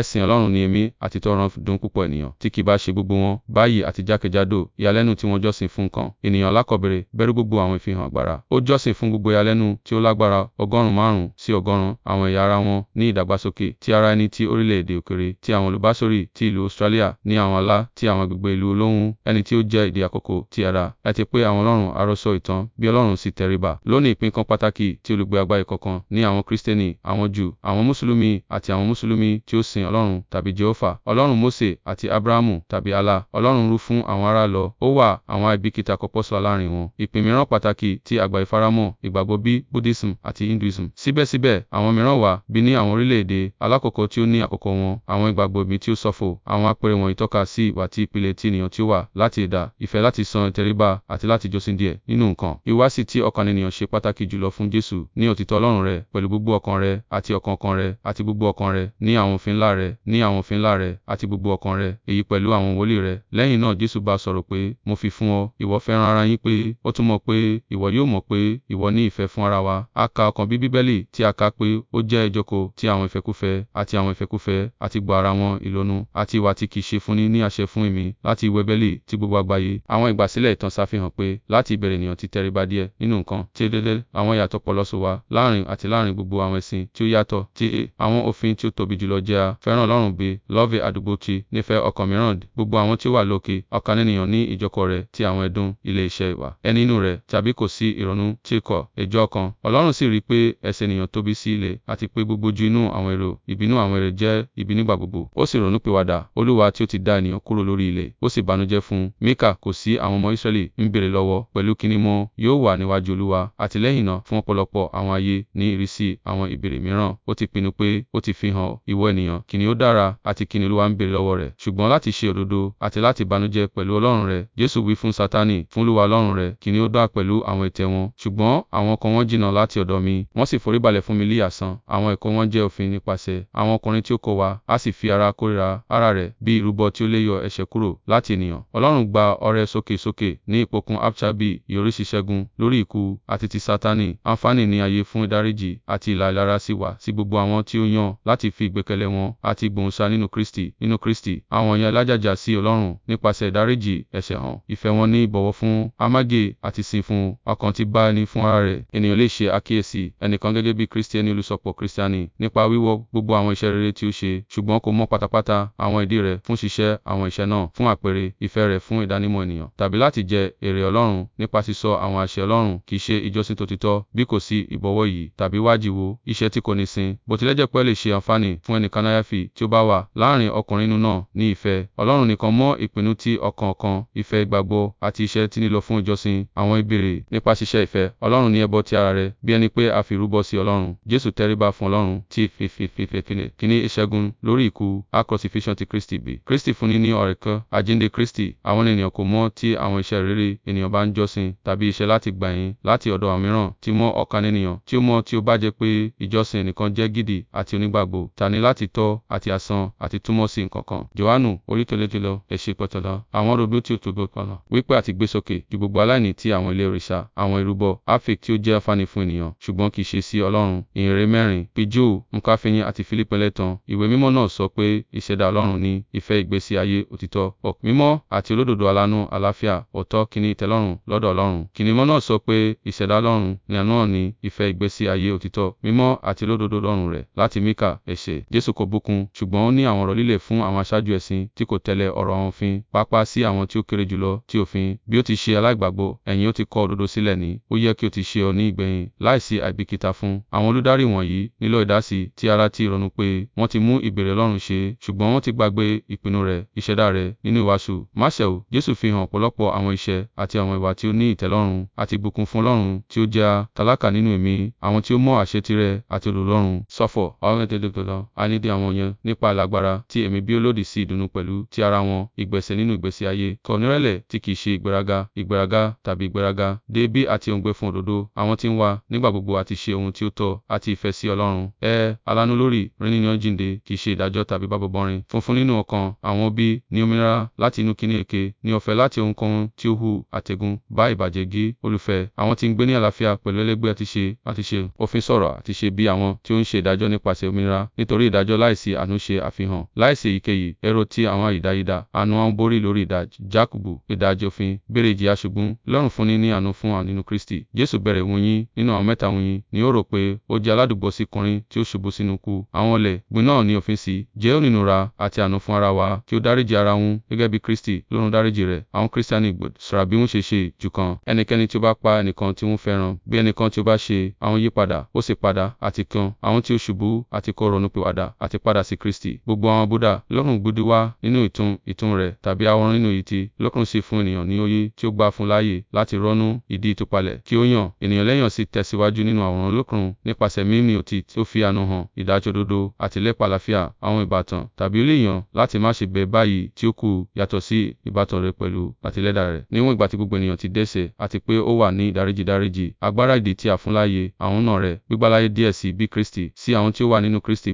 ẹ̀sìn Ọlọ́run ni èmi àti tọrọ dùn púpọ̀ ènìyàn tí kì bá ṣe gbogbo wọn báyìí àti jákèjádò ìyàlẹ́nu tí wọ́n jọ́sìn fún kan ènìyàn alákọ̀bẹ̀rẹ̀ bẹ̀rù gbogbo àwọn ìfihàn agbára ó jọ́sìn fún gbogbo ìyàlẹ́nu tí ó lágbára ọgọ́rùn márùn sí ọgọ́rùn àwọn ẹ̀yà ara wọn ní ìdàgbàsókè ti ara ẹni ti orílẹ̀-èdè òkèrè ti àwọn olùbásórí ti ìlú Australia ní àwọn àlá ti àwọn agbègbè ìlú olóhùn ẹni tí ó jẹ́ ìdí àkókò ti ara àti pé àwọn Ọlọ́run àròsọ ìtàn bí Ọlọ́run sì tẹríba lónìí ìpín kan pàtàkì tí olùgbé àgbáyé kọ̀ọ̀kan ní àwọn Kristẹni àwọn Júù àwọn Mùsùlùmí àti àwọn Mùsùlùmí tí ó sìn Ọlọ́run tàbí Jèhófà, Ọlọ́run Mose àti Abrahamu tàbí Allah, Ọlọ́run rú fún àwọn ará lọ, ó wà àwọn àìbìkítà kọ̀pọ̀ṣọ́lá láàárín wọn. Ìpín mìíràn pàtàkì ti àgbà ìfaramọ́ ìgbàgbọ́ bí Buddhism àti Hinduism. Síbẹ̀síbẹ̀, àwọn mìíràn wà, bí ní àwọn orílẹ̀-èdè alákọ̀ọ́kọ́ tí ó ní àkókò wọn, àwọn ìgbàgbọ́ ẹ̀mí tí ó ṣọ̀fọ̀, àwọn àpẹẹrẹ wọ̀nyí tọ́ka sí ìwà tí ìpìlẹ̀ ti ènìyàn tí wà láti ẹ̀dá, ìfẹ́ láti san ìtẹríba àti láti jọ́sìn díẹ̀ nínú nǹkan. Ìhùwàsí tí ọkàn ènìyàn ṣe pàtàkì jùlọ fún Jésù ní òtítọ́ Ọlọ́run rẹ̀ pẹ̀lú gbogbo ọkàn rẹ̀ àti ọkàn-ọkàn rẹ̀ àti gbogbo ọkàn rẹ̀ ní àwọn òfin ńlá rẹ̀ rẹ̀, ní àwọn òfin ńlá rẹ̀, àti gbogbo ọkàn rẹ̀, èyí pẹ̀lú àwọn wòlíì rẹ̀. Lẹ́yìn náà Jesu bá a sọ̀rọ̀ pé, Mo fi fún ọ, ìwọ fẹ́ràn ara yín pé, ó túmọ̀ pé, ìwọ yóò mọ̀ pé, ìwọ ní ìfẹ́ fún ara wa. A ka ọkàn bí Bíbélì tí a kà pé ó jẹ́ ìjókòó ti àwọn ìfẹ́kúfẹ̀ẹ́, àti àwọn ìfẹ́kúfẹ̀ẹ́, àtìgbò ara wọn, ìlonu, àti ìwà tí kì ṣe fúnni ní àṣẹ fún ìmí, láti ìwé Hébérù ti gbogbo àgbáyé. Àwọn ìgbàsílẹ̀ ìtàn ṣàfihàn pé, láti ìbẹ̀rẹ̀ ènìyàn ti tẹríba díẹ̀ nínú nǹkan tí déédéé, àwọn ìyàtọ̀ pọ̀ lọ so wá, àti láàárín gbogbo àwọn ẹ̀sìn tí ó yàtọ̀, tí àwọn òfin tí ó tóbi jùlọ jẹ́ a fẹ́ràn Ọlọ́run bí, lọ́ọ̀vì àdúgbò ti, nífẹ̀ẹ́ ọkàn mìíràn, gbogbo àwọn tí ó wà lókè, ọkàn ènìyàn ní ìjókòó rẹ̀ ti àwọn ẹ̀dùn, ilé iṣẹ́ ìwà, ẹni inú rẹ̀, tàbí kò sí ìrònú tí kọ̀, ẹjọ́ kan. Ọlọ́run sì rí pé ẹ̀ṣẹ̀ ènìyàn tóbi sí ilẹ̀, àti pé gbogbo ojú inú àwọn èrò, ìbínú àwọn èrò jẹ́ ibi nígbà gbogbo. Ó sì ronúpìwàdà, Olúwa tí ó ti dá ènìyàn kúrò lórí ilẹ̀, ó sì bànújẹ́ fún un. Míkà kò sí àwọn ọmọ Israẹli ń béèrè lọ́wọ́, pẹ̀lú kíni mọ́, yóò wà níwájú Olúwa, àtìlẹ́yìn náà fún ọ̀pọ̀lọpọ̀ àwọn ayé ní ìrísí àwọn ìbéèrè mìíràn. Ó ti pinnu pé, ó ti fihàn, ìwọ ènìyàn kíni ó dára àti kíni Olúwa ń béèrè lọ́wọ́ rẹ̀. Ṣùgbọ́n láti ṣe òdodo àti láti banújẹ́ pẹ̀lú Ọlọ́run rẹ, Jesu wí fún Satani, fún Olúwa Ọlọ́run rẹ, kíni ó dá pẹ̀lú àwọn ètè wọn. Ṣùgbọ́n àwọn ọkàn wọn jìnnà láti ọ̀dọ̀ mi, wọ́n sì foríbalẹ̀ fún mi lí asán. Àwọn ẹ̀kọ́ wọn jẹ́ òfin nípasẹ̀ àwọn ọkùnrin tí ó kọ́ wa, a sì fi ara kórìíra ara rẹ̀ bí ìrúbọ tí ó lè yọ ẹ̀ṣẹ̀ kúrò láti ènìyàn. Ọlọ́run gba ọrẹ sókèsókè ní ìpòkun Abchabi, ìyọrísí ṣẹ́gun lórí ikú àti ti Satani. Àǹfààní ní ayé fún ìdáríjì àti ìlà ìlara sì wà sí gbogbo àwọn tí ó yàn láti fi ìgbẹ́kẹ̀lé wọn àti ìgbòhùnsá nínú Kristi, nínú Kristi, àwọn èèyàn alájàjà sí Ọlọ́run nípasẹ̀ ìdáríjì ẹ̀ṣẹ̀ hàn, ìfẹ́ wọn ní ìbọ̀wọ̀ fún, amágé àti ìsìn fún, ọkàn ti bá ẹni fún ara rẹ̀. Ènìyàn lè ṣe àkíyèsí ẹnìkan gẹ́gẹ́ bí Kristiẹni olùsọpọ̀ Kristiani nípa wíwo gbogbo àwọn iṣẹ́ rere tí ó ṣe, ṣùgbọ́n kò mọ̀ pátápátá àwọn ìdí rẹ̀ fún ṣíṣe àwọn iṣẹ́ náà, fún àpẹẹrẹ, ìfẹ́ rẹ̀ fún ìdánimọ̀ ènìyàn, tàbí láti jẹ èrè Ọlọ́run nípa sísọ àwọn àṣẹ Ọlọ́run kì í ṣe ìjọsìn tòtítọ́ bí kò sí ìbọ̀wọ̀ yìí tàbí wájìwò, iṣẹ́ tí kò ní sìn, bó tilẹ̀ jẹ́ pé lè ṣe àǹfààní fún ẹnìkan láyàfi Mọ́rúfì tí ó bá wà láàárín ọkùnrin nínú náà ní ìfẹ́ Ọlọ́run nìkan mọ́ ìpinnu ti ọkàn-ọkàn, ìfẹ́ ìgbàgbọ́, àti iṣẹ́ tí lílò fún ìjọsìn. Àwọn ìbéèrè nípa ṣíṣe ìfẹ́ Ọlọ́run ní ẹbọ ti ara rẹ̀, bí ẹni pé a fi ìrúbọ sí Ọlọ́run. Jesu tẹríba fún Ọlọ́run ti Kínní ìṣẹ́gun lórí ikú, a crucifixion ti Kristi bí. Kristi fúnni ní ọ̀rẹ́-ẹ̀kọ́, àjíǹde Kristi. Àwọn ènìyàn kò mọ̀ tí àwọn iṣẹ́ rere ènìyàn bá ń jọ́sìn tàbí iṣẹ́ láti gba ìyìn láti ọ̀dọ̀ àwọn mìíràn tí mọ ọkàn ènìyàn tí ó mọ̀ tí ó bá Tani láti tọ́ àti asán àti túmọ̀ sí nǹkan kan. Jòhánù orí kẹlẹ́kẹlẹ́ ẹ̀ṣẹ̀ pẹ̀tọ́lá. Àwọn ọ̀rọ̀ bí ó ti tògbò pọ̀lọ̀. Wípé àti gbé sókè ju gbogbo aláìní ti àwọn ilé òrìṣà, àwọn ìrúbọ, àfè tí ó jẹ́ àǹfààní fún ènìyàn, ṣùgbọ́n kì í ṣe sí Ọlọ́run. Ìhìnrere mẹ́rin. Bí Jóò, Nkáfíyín àti Fílípì ẹlẹ́tàn. Ìwé mímọ́ náà sọ pé ìṣẹ̀dá Ọlọ́run ni ìfẹ́ ìgbésí ayé òtítọ́, ọ̀kàn mímọ́ àti olódodo alánú àlàáfíà, ọ̀tọ̀ kìíní ìtẹ́lọ́rùn lọ́dọ̀ Ọlọ́run. Kìíní mímọ́ náà sọ pé ìṣẹ̀dá Ọlọ́run ni àánú ni ìfẹ́ ìgbésí ayé òtítọ́, mímọ́ àti olódodo Ọlọ́run rẹ̀. Láti Míkà, ẹ̀ṣẹ̀. Jésù kò bùkún òkun, ṣùgbọ́n ó ní àwọn ọ̀rọ̀ líle fún àwọn aṣáájú ẹ̀sìn tí kò tẹ̀lé ọ̀rọ̀ àwọn òfin, pàápàá sí àwọn tí ó kéré jùlọ ti òfin. Bí ó ti ṣe aláìgbàgbọ́, ẹ̀yin ó ti kọ̀ òdodo sílẹ̀ ní, ó yẹ kí ó ti ṣe ọ́ ní ìgbẹ̀yìn, láìsí àìbìkítà fún. Àwọn olùdarí wọ̀nyí nílò ìdásí ti ara ti ìrònú pé wọ́n ti mú ìbéèrè Ọlọ́run ṣẹ, ṣùgbọ́n wọ́n ti gbàgbé ìpinnu rẹ̀, ìṣẹ̀dá rẹ̀, nínú ìwàásù. Máṣe Jesu fihàn ọ̀pọ̀lọpọ̀ àwọn iṣẹ́ àti àwọn ìwà tí ó ní ìtẹ́lọ́rùn àti ìbùkún fún Ọlọ́run tí ó já tálákà nínú ẹ̀mí, àwọn tí ó mọ àṣẹ tirẹ̀ àti olùlọ́run. Sọ́fọ̀, àwọn ẹ̀dẹ́gbẹ̀lọ́, àìnídìí àwọn yẹn ènìyàn nípa ìlágbára tí ẹ̀mí bí ó lòdì sí ìdùnnú pẹ̀lú ti ara wọn, ìgbésẹ̀ nínú ìgbésí ayé, kọ̀ nírẹ̀lẹ̀ tí kì í ṣe ìgbéraga, ìgbéraga tàbí ìgbéraga, dé bí àti òǹgbẹ fún òdodo, àwọn tí ń wá, nígbà gbogbo àti ṣe ohun tí ó tọ́, àti ìfẹ́ sí Ọlọ́run. Ẹ aláàánú lórí, rìn nínú ìyànjíǹde, kì í ṣe ìdájọ́ tàbí bábọ̀bọ̀rin, funfun nínú ọkàn, àwọn òbí ní òmìnira láti inú kìíní èké, ní ọ̀fẹ́ láti ohunkóhun tí ó hu àtẹ̀gùn, bá ìbàjẹ́ gé, olùfẹ́, àwọn tí ń gbé ní àlàáfíà pẹ̀lú ẹlẹ́gbẹ́ àti ṣe, àti ṣe, òfin sọ̀rọ̀ àti ṣe bí àwọn tí ó ń ṣe ìdájọ́ nípasẹ̀ òmìnira, nítorí ìdájọ́ láìsí àti àánú ṣe àfihàn. Láìsí èyíkéyìí, èrò ti àwọn àìdáyidá, àánú àwọn borí lórí ìdajì. Jákùbù, ìdajì òfin, béèrè ìjìyà ṣùgbọ́n, Ọlọ́run fúnni ní àánú fún wa Kristi. Jésù bẹ̀rẹ̀ wọ̀nyí nínú àwọn mẹ́ta wọ̀nyí ni ó rò pé ó jẹ́ aládùúgbò sí ọkùnrin tí ó ṣubú sínú ikú. Àwọn ọ̀lẹ, gbin náà ní òfin sí, jẹ́ onínúra àti àánú fún ara wa kí ó dáríji ara wọn gẹ́gẹ́ bí Kristi Ọlọ́run dáríji rẹ̀. Àwọn Kírísítánì gbọ́dọ̀ ṣọ́ra bí wọ́n ṣe ṣe jù kan. Ẹnikẹ́ni tí ó bá pa ẹnìkan tí wọ́n fẹ́ràn, bí ẹnìkan tí ó bá ṣe, àwọn yípadà, ó sì padà, àti kan, àwọn tí ó ṣubú, àti kó ronúpìwàdà, àti padà padà sí Kristi. Gbogbo àwọn Búdà lọ́rùn gbúdú wá nínú ìtún ìtún rẹ̀ tàbí àwọn nínú ìtì lọ́kùnrin sì fún ènìyàn ní òye tí ó gbà fún láàyè láti rọ́nú ìdí ìtúpalẹ̀ kí ó yàn. Ènìyàn lẹ́yàn sì tẹ̀síwájú nínú àwòrán lọ́kùnrin nípasẹ̀ mímí òtí tí ó fi àánú hàn ìdájọ́ òdodo àti lẹ́pa àlàáfíà àwọn ìbátan tàbí ó lè yàn láti má ṣe bẹ báyìí tí ó kù yàtọ̀ sí ìbátan rẹ̀ pẹ̀lú àtìlẹ́dà rẹ̀. Níwọ̀n ìgbà tí gbogbo ènìyàn ti dẹ́ṣẹ̀ àti pé ó wà ní ìdáríjìdáríjì agbára ìdí tí a fún láàyè àwọn náà rẹ̀ gbígbáláyé díẹ̀ sí bí Kristi sí àwọn tí ó wà nínú Kristi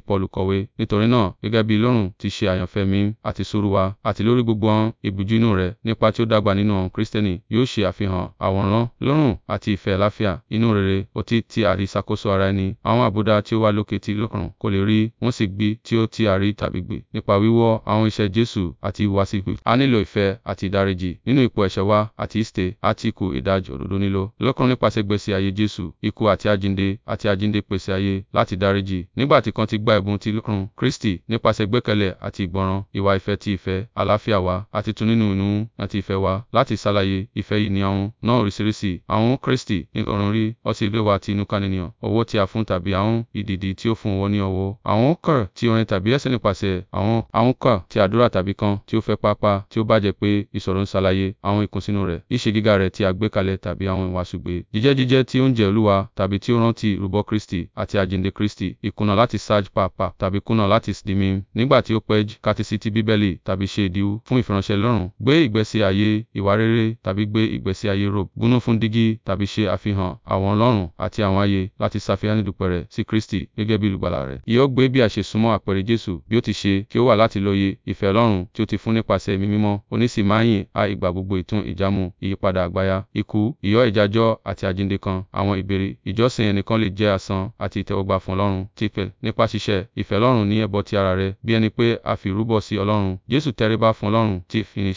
Nítorí náà, gẹ́gẹ́ bí Ọlọ́run ti ṣe àyànfẹ́ mi àti sùúrù wa, àti lórí gbogbo àwọn ìbùjú inú rẹ̀ nípa tí ó dàgbà nínú òun Kristiani, yóò ṣe àfihàn àwòrán Ọlọ́run àti ìfẹ́ àlàáfíà inú rere, òtítọ́ tí àríṣàkóso ara ẹni, àwọn àbùdá tí ó wà lókè tí Ọlọ́run kò lè rí, wọ́n sì gbé tí ó ti àrí tàbí gbé. Nípa wíwò àwọn iṣẹ́ Jésù àti ìhùwàsí Kristi, a nílò ìfẹ́ àti ìdáríjì nínú ipò ẹ̀ṣẹ̀ wa àti ìsìtẹ̀ àti ikú ìdájọ́ òdodo nílò. Ọlọ́run nípasẹ̀ ìgbésí ayé Jésù, ikú àti àjíǹde àti àjíǹde pèsè ayé láti dáríjì. Nígbà tí kan ti gba ẹ̀bùn ti Ọlọ́run, Kristi nípasẹ̀ ìgbẹ́kẹ̀lé àti ìgbọràn, ìwà ìfẹ́ ti ìfẹ́, àlàáfíà wa, àti tún nínú inú àti ìfẹ́ wa, láti ṣàlàyé ìfẹ́ yìí ní ahọ́n náà oríṣiríṣi, ahọ́n Kristi ní ọ̀run rí, ọtí líle wa ti inú kànìyàn, ọwọ́ tí a fún tàbí ahọ́n ìdìdì tí ó fún ọwọ́ ní ọwọ́, ahọ́n kàn tí orin tàbí ẹsẹ̀ nípasẹ̀ ahọ́n, ahọ́n kàn tí àdúrà tàbí kan tí ó fẹ́ pápá tí ó bá pé ìsọ̀rọ̀ ń ṣàlàyé àwọn ìkùnsínú rẹ̀, ìṣe gíga rẹ̀ tí a gbé kalẹ̀ tàbí àwọn ìwàásù gbé, jíjẹ́ jíjẹ́ tí oúnjẹ Olúwa tàbí tí ó rántí ìrúbọ Kristi àti àjíǹde Kristi, ìkùnà láti sá pàápàá tàbí kùnà ọ̀nà láti sinmi nígbà tí ó pẹ́ kátìsítì Bíbélì tàbí ṣe ìdíwọ́ fún ìfiránṣẹ́ Ọlọ́run. Gbé ìgbésí ayé ìwà rere tàbí gbé ìgbésí ayé rope. Gúnú fún dígí tàbí ṣe àfihàn àwọn Ọlọ́run àti àwọn ayé láti ṣàfihàn ìdúpẹ́ rẹ̀ sí Kristi gẹ́gẹ́ bí olùgbàlà rẹ̀. Yóò gbé bí a ṣe súnmọ́ àpẹẹrẹ Jésù bí ó ti ṣe kí ó wà láti lóye ìfẹ́ Ọlọ́run tí ó ti fún nípasẹ̀ ẹ̀mí mímọ́. Onísìmáyìn a ìgbà gbogbo ìtún ìjámu ìyípadà àgbáyá ikú ìyọ́ ìdájọ́ àti àjíǹde kan àwọn ìbéèrè ìjọsìn ẹnìkan lè jẹ́ asán àti ìtẹ́wọ́gbà fún Ọlọ́run. Tipẹ̀ nípa ṣíṣe ìfẹ́ Ọlọ́run ní ẹbọ ti ara rẹ̀ bí ẹni pé a fi ìrúbọ sí Ọlọ́run. Jésù tẹríba fún Ọlọ́run ti fi ní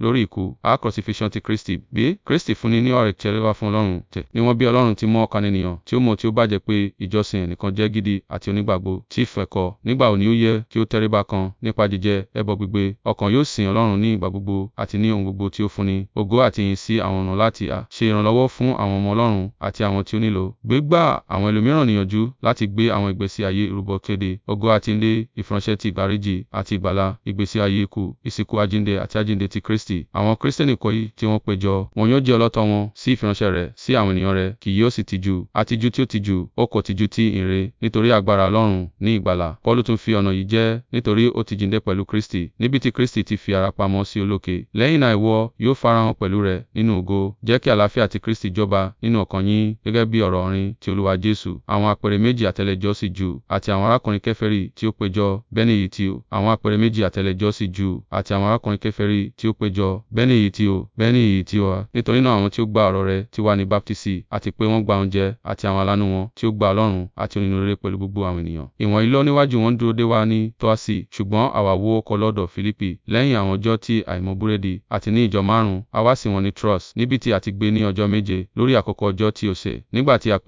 lórí ikú. A crucifixion ti Kristi. Bí Kristi fúnni ní ọ̀rẹ́ tẹríba fún Ọlọ́run tẹ̀. Ni wọ́n bí Ọlọ́run ti mọ́ ọkàn ènìyàn tí ó mọ̀ tí ó bàjẹ́ pé ìjọsìn ẹnìkan jẹ́ gidi àti onígbàgbọ́ tí ìfẹ́kọ̀. Nígbà òní ó yẹ kí ó tẹríba kan nípa jíjẹ ẹbọ gbígbé. Ọkàn yóò sin Ọlọ́run ní ìgbà gbogbo àti ní ohun gbogbo tí ó fúnni. Ògo àti ìyìn sí àwọn ọ̀nà láti à ṣe ìrànlọ́wọ́ fún àwọn ọmọ Ọlọ́run àti àwọn tí ó nílò. Gbégbá àwọn ẹlòmíràn níyànjú láti gbé àwọn ìgbésí ayé ìrúbọ kéde. Ògo àti ìgbéjáde, ìfiránṣẹ́ ti ìgbàríjì àti ìgbàlà, ìgbésí ayé ikú, ìsìnkú àjíǹde àti àjíǹde ti Kristi. Àwọn Kristẹni kọ̀yí tí wọ́n péjọ, wọn yóò jẹ́ ọlọ́tọ̀ wọn sí ìfiránṣẹ́ rẹ̀ sí àwọn ènìyàn rẹ̀, kì yóò sì tijú, àtijú tí ó tijú, ó kò tijú ti ìyìnrere, nítorí agbára Ọlọ́run ní ìgbàlà. Paulu tún fi ọ̀nà yìí jẹ́, nítorí ó ti jíǹde pẹ̀lú Kristi, níbi tí Kristi ti fi ara pamọ́ sí olókè. Lẹ́yìn náà ìwọ yóò farahàn pẹ̀lú rẹ̀ nínú ògo. Jẹ́ kí àlàáfíà ti Kristi jọba nínú ọkàn yín, gẹ́gẹ́ bí ọ̀rọ̀ orin ti Olúwa Jesu. Àwọn àpẹẹrẹ méjì àtẹlẹjọ́ sì Júù àti àwọn arákùnrin Kẹfẹ́rì tí ó ó péjọ, bẹ́ẹ̀ ni èyí tí ó, àwọn àpẹẹrẹ méjì àtẹlẹjọ́ sí Júù àti àwọn arákùnrin Kèfèrí tí ó péjọ, bẹ́ẹ̀ èyí tí ó, bẹ́ẹ̀ èyí tí ó. Nítorí náà àwọn tí ó gba ọ̀rọ̀ rẹ̀ ti wà ní baptisi, àti pé wọ́n gba oúnjẹ, àti àwọn aláàánú wọn tí ó gba Ọlọ́run àti onínúrere pẹ̀lú gbogbo àwọn ènìyàn. Ìwọ̀nyí lọ níwájú wọn dúró dè wá ní Toasi, ṣùgbọ́n àwa wọ ọkọ̀ lọ́dọ̀ Filipi lẹ́yìn àwọn ọjọ́ tí àìmọ́ búrẹ́dì, àti ní ìjọ márùn a wá sìn wọ́n ní Trus, níbi tí a ti gbé ní ọjọ́ méje, lórí àkọ́kọ́ ọjọ́ tí ọ̀sẹ̀, nígbà tí a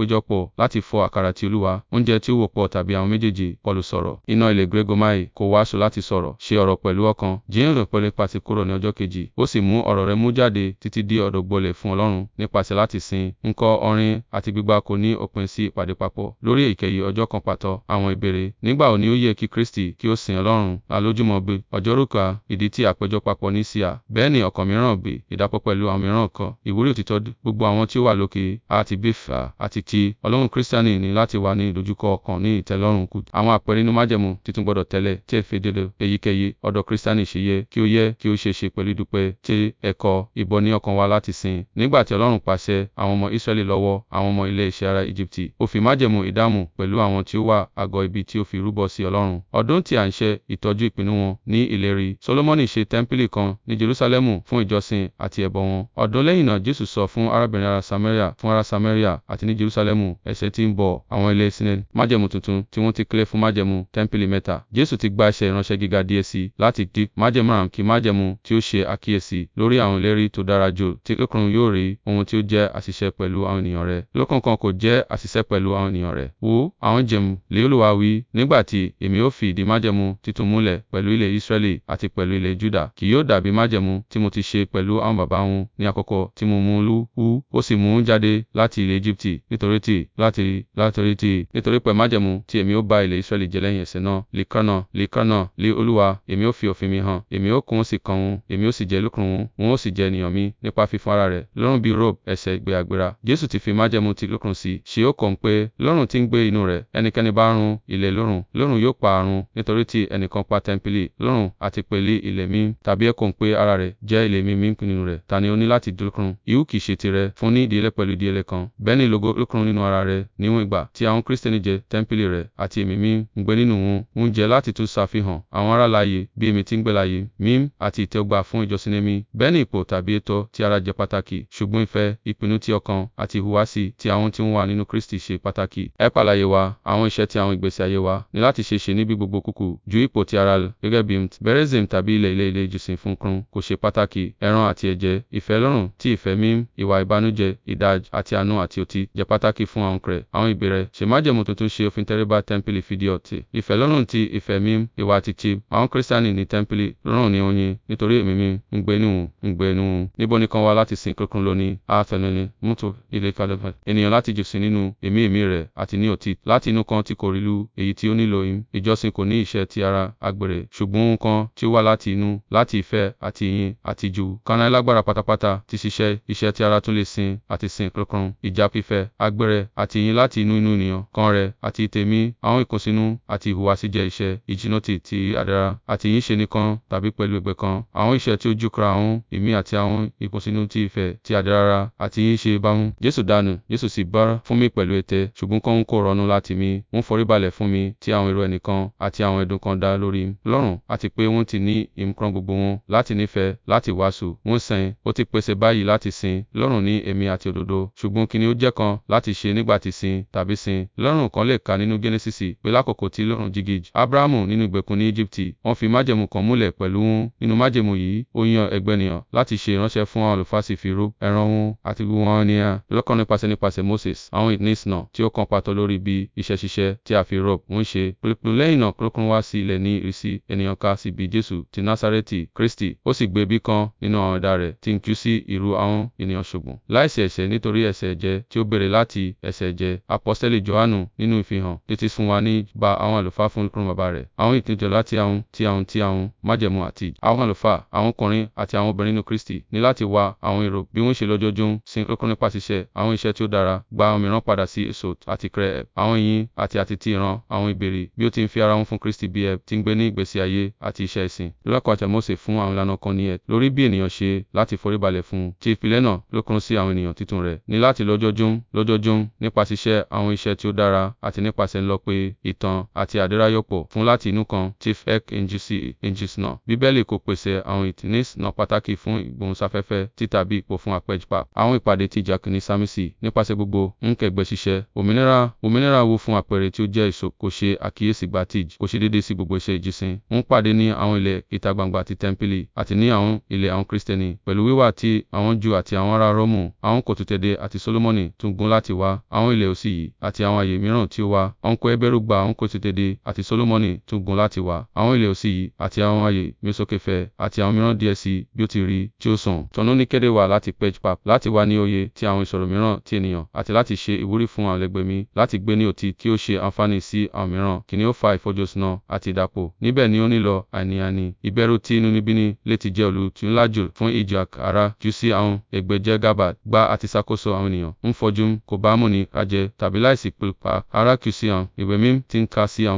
láti fọ àkàrà ti Olúwa, oúnjẹ tí ó wọ́pọ̀ tàbí àwọn méjèèjì, Paulu sọ̀rọ̀ iná ilẹ̀ Gregomai kò wáṣọ láti sọ̀rọ̀, ṣe ọ̀rọ̀ pẹ̀lú ọkàn, jíròrò pẹ̀lú pàtí kúrò ní ọjọ́ kejì, ó sì mú ọ̀rọ̀ rẹ̀ mú jáde títí di ọ̀dọ̀ gbolẹ̀ fún Ọlọ́run nípasẹ̀ láti sin, ńkọ́ orin àti gbígbà kò ní òpin sí ìpàdé papọ̀. Lórí èyíkéyìí ọjọ́ kan pàtó, àwọn ìbéèrè, nígbà wo ni ó yẹ kí Kristi kí ó sin Ọlọ́run? Lálójúmọ́ bí, ọjọ́ rúkà, ìdí tí àpéjọ papọ̀ ní síà, bẹ́ẹ̀ ni ọkàn mìíràn bí, ìdàpọ̀ pẹ̀lú àwọn mìíràn kọ́, ìwúrí òtítọ́, gbogbo àwọn tí ó wà lókè, àti bífà, àti ti, Ọlọ́run Kristiani ní láti wà ní ìdojúkọ ọkàn ní ìtẹ́lọ́rùn kù. Àwọn àpẹẹrẹ inú májẹ̀mú Májẹ̀mú Titun gbọdọ̀ tẹ́lẹ̀ tí ẹ fi dé èyíkéyìí ọ̀dọ̀ Kristiani ṣe yẹ kí ó yẹ kí ó ṣe ṣe pẹ̀lú ìdúpẹ́ tí ẹ̀kọ́ ìbọ̀ ní ọkàn wa láti sìn. Nígbà tí Ọlọ́run pàṣẹ àwọn ọmọ Israẹli lọ́wọ́ àwọn ọmọ ilẹ̀ ìṣe ara Ejibiti, ó fi májẹ̀mú ìdáàmú pẹ̀lú àwọn tí ó wà àgọ́ ibi tí ó fi rúbọ sí Ọlọ́run. Ọdún tí à ń ṣe ìtọ́jú ìpinnu wọn ní ìlérí. Solomoni ṣe tẹ́ḿpìlì kan ní Jerusalẹmu fún ìjọsìn àti ẹbọ wọn. Ọdún lẹ́yìn náà Jésù sọ fún arábìnrin ará Samaria fún ará Samaria àti ní Jerusalemu ẹ̀ṣẹ̀ tí ń bọ̀ àwọn ilé Israẹli. Májẹ̀mú tẹ́ḿpìlì mẹ́ta. Jésù ti gba iṣẹ́ ìránṣẹ́ gíga díẹ̀ sí láti di májẹ̀mú àǹkí májẹ̀mú tí ó ṣe àkíyèsí lórí àwọn ìlérí tó dára jù tí ọkùnrin yóò rí ohun tí ó jẹ́ àṣìṣe pẹ̀lú àwọn ènìyàn rẹ̀. Lọ́kànkan kò jẹ́ àṣìṣe pẹ̀lú àwọn ènìyàn rẹ̀. Wo àwọn jẹ̀mú lé Olúwa wí nígbà tí èmi ó fi ìdí májẹ̀mú tuntun múlẹ̀ pẹ̀lú ilẹ̀ Ísírẹ́lì àti pẹ̀lú ilẹ̀ Júdà. Kì yóò dàbí májẹ̀mú tí mo ti ṣe pẹ̀lú àwọn bàbá wọn ní àkókò tí mo mú lú hú ó sì mú jáde láti ilẹ̀ Íjíbítì nítorí tí láti látòrí tí nítorí pé májẹ̀mú tí èmi ó bá ilẹ̀ Ísírẹ́lì jẹ lẹ́yìn ẹ̀ṣẹ̀ sínú, lè kánná, lè kánná, lè Olúwa, èmi ó fi òfin mi hàn, èmi ó kún ó sì kan òun, èmi ó sì jẹ lókun òun, òun ó sì jẹ ènìyàn mi nípa fífún ara rẹ̀, lọ́rùn bíi robe, ẹsẹ̀ ìgbé àgbéra. Jésù ti fi májẹ̀mú ti lókun sí, ṣe ó kàn pé, lọ́rùn tí ń gbé inú rẹ̀, ẹnikẹ́ni bá run ilẹ̀ lọ́rùn, lọ́rùn yóò pa àrùn, nítorí tí ẹnìkan pa tẹ́ḿpìlì lọ́rùn àti pèlè ilẹ̀ mi, tàbí ẹ kàn pé ara rẹ̀ jẹ́ ilẹ̀ mi mi nínú rẹ̀, ta ni ó ní láti lókun? Ihu kì í ṣe tirẹ̀, fún ní ìdíyelé pẹ̀lú ìdíyelé kan. Bẹ́ẹ̀ ni lógo lókun nínú ara rẹ̀, níwọ̀n ìgbà tí àwọn Kristẹni jẹ́ tẹ́ḿpìlì rẹ̀ àti Ẹ̀mí mi ń gbé nínú wọn àwọn oúnjẹ láti tún ṣàfihàn àwọn ará láyé bí èmi ti ń gbé láyé. Mím àti ìtẹ́wọ́gbà fún ìjọsìn èmi. Bẹ́ẹ̀ ni ipò tàbí ètò ti ara jẹ́ pàtàkì, ṣùgbọ́n ìfẹ́, ìpinnu ti ọkàn àti ìhùwàsí ti àwọn tí ń wà nínú Kristi ṣe pàtàkì. Ẹ pàlàyé wa, àwọn iṣẹ́ ti àwọn ìgbésí ayé wa ni láti ṣe ṣe níbi gbogbo kúkú ju ipò ti ara Gẹ́gẹ́ bí Mt. tàbí ilẹ̀ ilé ilé ìjọsìn fún kò ṣe pàtàkì. Ẹran àti ẹ̀jẹ̀, ìfẹ́ lọ́rùn tí ìfẹ́ mím, ìwà ìbànújẹ́, ìdáj àti àánú àti òtí jẹ́ pàtàkì fún àwọn kẹrẹ. Àwọn ìbéèrè, ṣe májẹ̀mú tuntun ṣe òfin tẹríba tẹ́ḿpìlì fìdí ọ̀tí. Ìfẹ́ ìtẹ́lọ́rùn ti ìfẹ́ mi ìwà títí àwọn kírísítánì ní tẹ́ḿpìlì rọrùn ní oyin nítorí èmi mi ń gbé níhùn ń gbé níhùn níbo nìkan wá láti sìn kíkún lónìí àfẹnuni mútu ilé kalẹ̀fẹ̀ ènìyàn láti jùsìn nínú ẹ̀mí ẹ̀mí rẹ̀ àti ní òtí láti inú kan tí kò rí lu èyí tí ó nílò im ìjọsìn kò ní iṣẹ́ ti ara agbèrè ṣùgbọ́n nǹkan tí ó wá láti inú láti ìfẹ́ àti ìyìn àti jù kanáà lágbára pátápátá ti ṣiṣẹ́ iṣẹ́ ti ara tún lè sìn àti sìn kíkún ìjà fífẹ́ agbèrè àti ìyìn láti inú inú ènìyàn kan rẹ̀ àti tèmi àwọn ìkùnsínú àti ìhù ìhùwàsí jẹ́ iṣẹ́, ìjìnòtì ti ìhádàrá àti ìyìnṣe nìkan tàbí pẹ̀lú ẹgbẹ́ kan. Àwọn iṣẹ́ tí ó jùkọra àwọn ẹ̀mí àti àwọn ìkùnsínú ti ìfẹ́, ti ìhádàrá àti ìyìnṣe ìbámu. Jesu dànù, Jesu sì bá fún mi pẹ̀lú ètè, ṣùgbọ́n kàn ń kó ronú láti mi, ń foríbalẹ̀ fún mi tí àwọn èrò ẹnìkan àti àwọn ẹ̀dùn kan dá lórí Ọlọ́run, àti pé wọ́n ti ní ìmúkan gbogbo wọn láti nífẹ̀ẹ́, láti wàásù, wọ́n sìn, ó ti pèsè báyìí láti sìn Ọlọ́run ní ẹ̀mí àti òdodo. Ṣùgbọ́n kíni ó jẹ́ kan láti ṣe nígbà tí sìn tàbí sìn? Ọlọ́run kan lè kà nínú Génésìsì pé lákòókò tí Ọlọ́run jìgìjì Ábúráhámù nínú ìgbèkùn ní Ejibiti. Wọ́n fi májẹ̀mú kan múlẹ̀ pẹ̀lú wọn. Nínú májẹ̀mú yìí, ó yan ẹgbẹnìyàn láti ṣe ìránṣẹ́ fún àwọn àlùfáà sì ẹran wọn, àti gbogbo àwọn ènìyàn lọ́kàn nípasẹ̀ nípasẹ̀ Moses. Àwọn ìnísìnà tí ó kan pàtó lórí bí iṣẹ́ ṣíṣe tí a fi rope ń ṣe. Pẹ̀lúpẹ̀lú lẹ́yìn náà kúrúkùn wá sí ilẹ̀ ní ìrísí ènìyàn ká Kristi. Ó sì gbé bí kan nínú àwọn ẹ̀dá rẹ̀ tí ń jú sí irú àwọn ènìyàn ṣògùn. Láìsí ba àwọn àlùfáà àlùfáà fún orúnkún bàbá rẹ̀. Àwọn ìpínjọ láti àwọn ti àwọn ti àwọn májẹ̀mú àti àwọn àlùfáà, àwọn ọkùnrin àti àwọn obìnrin nínú Kristi ní láti wá àwọn èrò bí wọ́n ṣe lọ́jọ́jọ́ ń sin nípa ṣíṣe àwọn iṣẹ́ tí ó dára, gba òmíràn padà sí èso àti krẹ́ àwọn ìyìn àti àti ti ìran àwọn ìbèrè bí ó ti ń fi ara wọn fún Kristi bí ẹ ti ń gbé ní ìgbésí ayé àti iṣẹ́ ìsìn. Lọ́kọ̀ àti Mósè fún àwọn ìlànà kan ní ẹ lórí bí ènìyàn ṣe láti foríbalẹ̀ fún Ti ìpìlẹ̀ náà lókun sí àwọn ènìyàn titun rẹ̀ ní láti lọ́jọ́jọ́ lọ́jọ́jọ́ nípa ṣíṣe àwọn iṣẹ́ tí ó dára àti nípasẹ̀ ńlọ ìtàn àti àd adérayọ̀pọ̀ fún láti inú kan chief ek injusi ngc náà bíbélì kò pèsè àwọn ìtìnísì náà pàtàkì fún ìgbóhùnsáfẹ́fẹ́ títà bí ipò fún àpẹjùpà àwọn ìpàdé ti ìjà kìíní sámísì nípasẹ̀ gbogbo ń kẹgbẹ́ ṣiṣẹ́ òmìnira òmìnira wo fún àpẹẹrẹ tí ó jẹ́ èso kò ṣe àkíyèsí gbatíj kò ṣe déédéé sí gbogbo iṣẹ́ ìjísìn ń pàdé ní àwọn ilẹ̀ ìta gbangba ti tẹ́ḿpìlì àti ní àwọn ilẹ̀ àwọn kírísítẹ́nì pẹ̀lú wíwá ti àwọn jù àti àwọn ará rọ́mù àwọn kòtùtẹ̀dẹ̀ àti solomoni tún gún láti wá àwọn ilẹ̀ òsì yìí àti àwọn àyè mìíràn tí ó wá ọ̀nkọ́ ẹbẹ́rú gba àwọn kòtùtẹ̀dẹ̀ Israẹli àti Solomoni tún gùn láti wà. Àwọn ilẹ̀ òsì yìí àti àwọn ààyè Mesokefẹ àti àwọn mìíràn díẹ̀ sí bí ó ti rí tí ó sàn. Tọ̀nú ní kéde wà láti pejpap láti wà ní òye ti àwọn ìṣòro mìíràn ti ènìyàn àti láti ṣe ìwúrí fún àwọn ẹlẹgbẹ́ mi láti gbé ní òtí kí ó ṣe àǹfààní sí àwọn mìíràn kí fa ìfojúsùnà àti ìdàpọ̀. Níbẹ̀ ni ó nílò àìníàní. Ìbẹ̀rù ti inú níbí ni lè ti jẹ́ olùtú ńlá fún ara jù sí àwọn ẹgbẹ́jẹ́ gábà gba àti ṣàkóso àwọn ènìyàn. Ń fọjú kò ara kù sí àwọn ìwé mím ti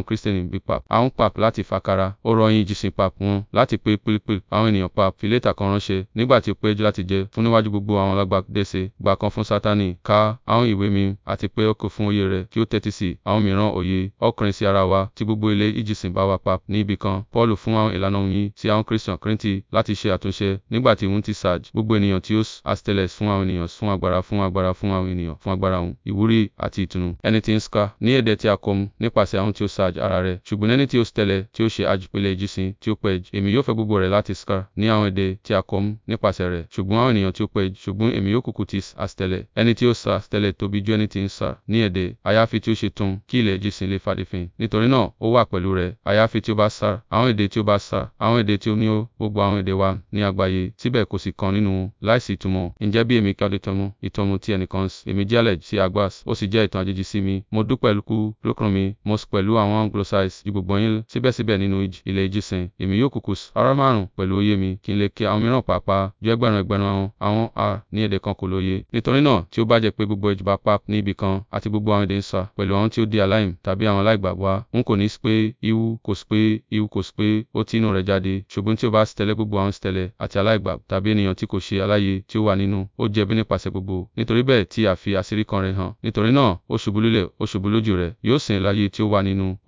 Kristẹni bí pap. Àwọn pap láti fakara, ó rọ yín pap wọn láti pé pílípì. Àwọn ènìyàn pap fi lẹ́tà kan ránṣẹ́ nígbà tí ó péjú láti jẹ́ fún níwájú gbogbo àwọn alágbàdése, gbà kan fún Sátánì, ka àwọn ìwé mi àti pé ó kún fún òye rẹ̀ kí ó tẹ́tí sí àwọn mìíràn òye, ọkùnrin sí ara wa tí gbogbo ilé ìjìsìn bá wà pap ní ibì kan. Paulu fún àwọn ìlànà wọ̀nyí sí àwọn Christian Kíríńtì láti ṣe àtúnṣe nígbà tí wọ́n ti Sarge, gbogbo ènìyàn tí ó asteles fún àwọn ènìyàn fún agbára fún agbára fún àwọn ènìyàn fún agbára òun, ìwúrí àti ìtùnú. Ẹni tí ń ska ní èdè tí a kọ mu nípasẹ̀ àwọn tí ó Sarge hajj ara rẹ̀ ṣùgbọ́n ẹni tí ó tẹ̀lé tí ó ṣe hajj pele ìjísìn tí ó pẹ́ èmi yóò fẹ́ gbogbo rẹ̀ láti skar ní àwọn èdè tí a kọ́ mú nípasẹ̀ rẹ̀ ṣùgbọ́n àwọn ènìyàn tí ó pẹ́ ṣùgbọ́n èmi yóò kúkú ti àsìtẹ́lẹ̀ ẹni tí ó sa àsìtẹ́lẹ̀ tóbi ju ẹni tí ń sa ní èdè àyàfi tí ó ṣe tún kí ilẹ̀ ìjísìn lè fàdífin nítorí náà ó wà pẹ̀lú rẹ̀ àyàfi tí ó bá sa àwọn èdè tí ó bá sa àwọn èdè tí ó ní gbogbo àwọn èdè wa ní àgbáyé síbẹ̀ kò sì kan nínú wọn láìsí ìtumọ̀ ǹjẹ́ bí èmi káde tọmọ ìtọmọ tí ẹnìkan èmi jẹ́ alẹ̀ sí agbas ó sì jẹ́ ìtàn àjèjì sí mi mo dúpẹ́ lukú lókùnrin mi mo sì pẹ̀lú àwọn Ọlọ́run Glosias ju gbogbo yín síbẹ̀síbẹ̀ nínú ilẹ̀ ìjìsìn. Èmi yóò kúkú ọ̀rọ̀ márùn-ún pẹ̀lú òye mi kí n lè kí àwọn mìíràn pàápàá ju ẹgbẹ̀rún ẹgbẹ̀rún àwọn àwọn a ní èdè kan kò lóye. Nítorí náà tí ó bá jẹ́ pé gbogbo ìjọba pa ní ibì kan àti gbogbo àwọn èdè ń sà pẹ̀lú àwọn tí ó di aláìm tàbí àwọn aláìgbàgbọ́ n kò ní pé iwu kò sí pé iwu kò sí pé ó ti inú rẹ̀ jáde ṣùgbọ́n tí ó bá tẹ́lẹ̀ gbogbo àwọn tẹ́lẹ̀ àti aláìgbàgbọ́ tàbí ènìyàn tí kò ṣe aláyé tí ó wà nínú ó jẹ̀bi nípasẹ̀ gbogbo nítorí bẹ́ẹ̀ tí a fi àṣírí kan rẹ̀ hàn nítorí náà ó ṣubú lulẹ̀ ó ṣubú lójú rẹ̀ yóò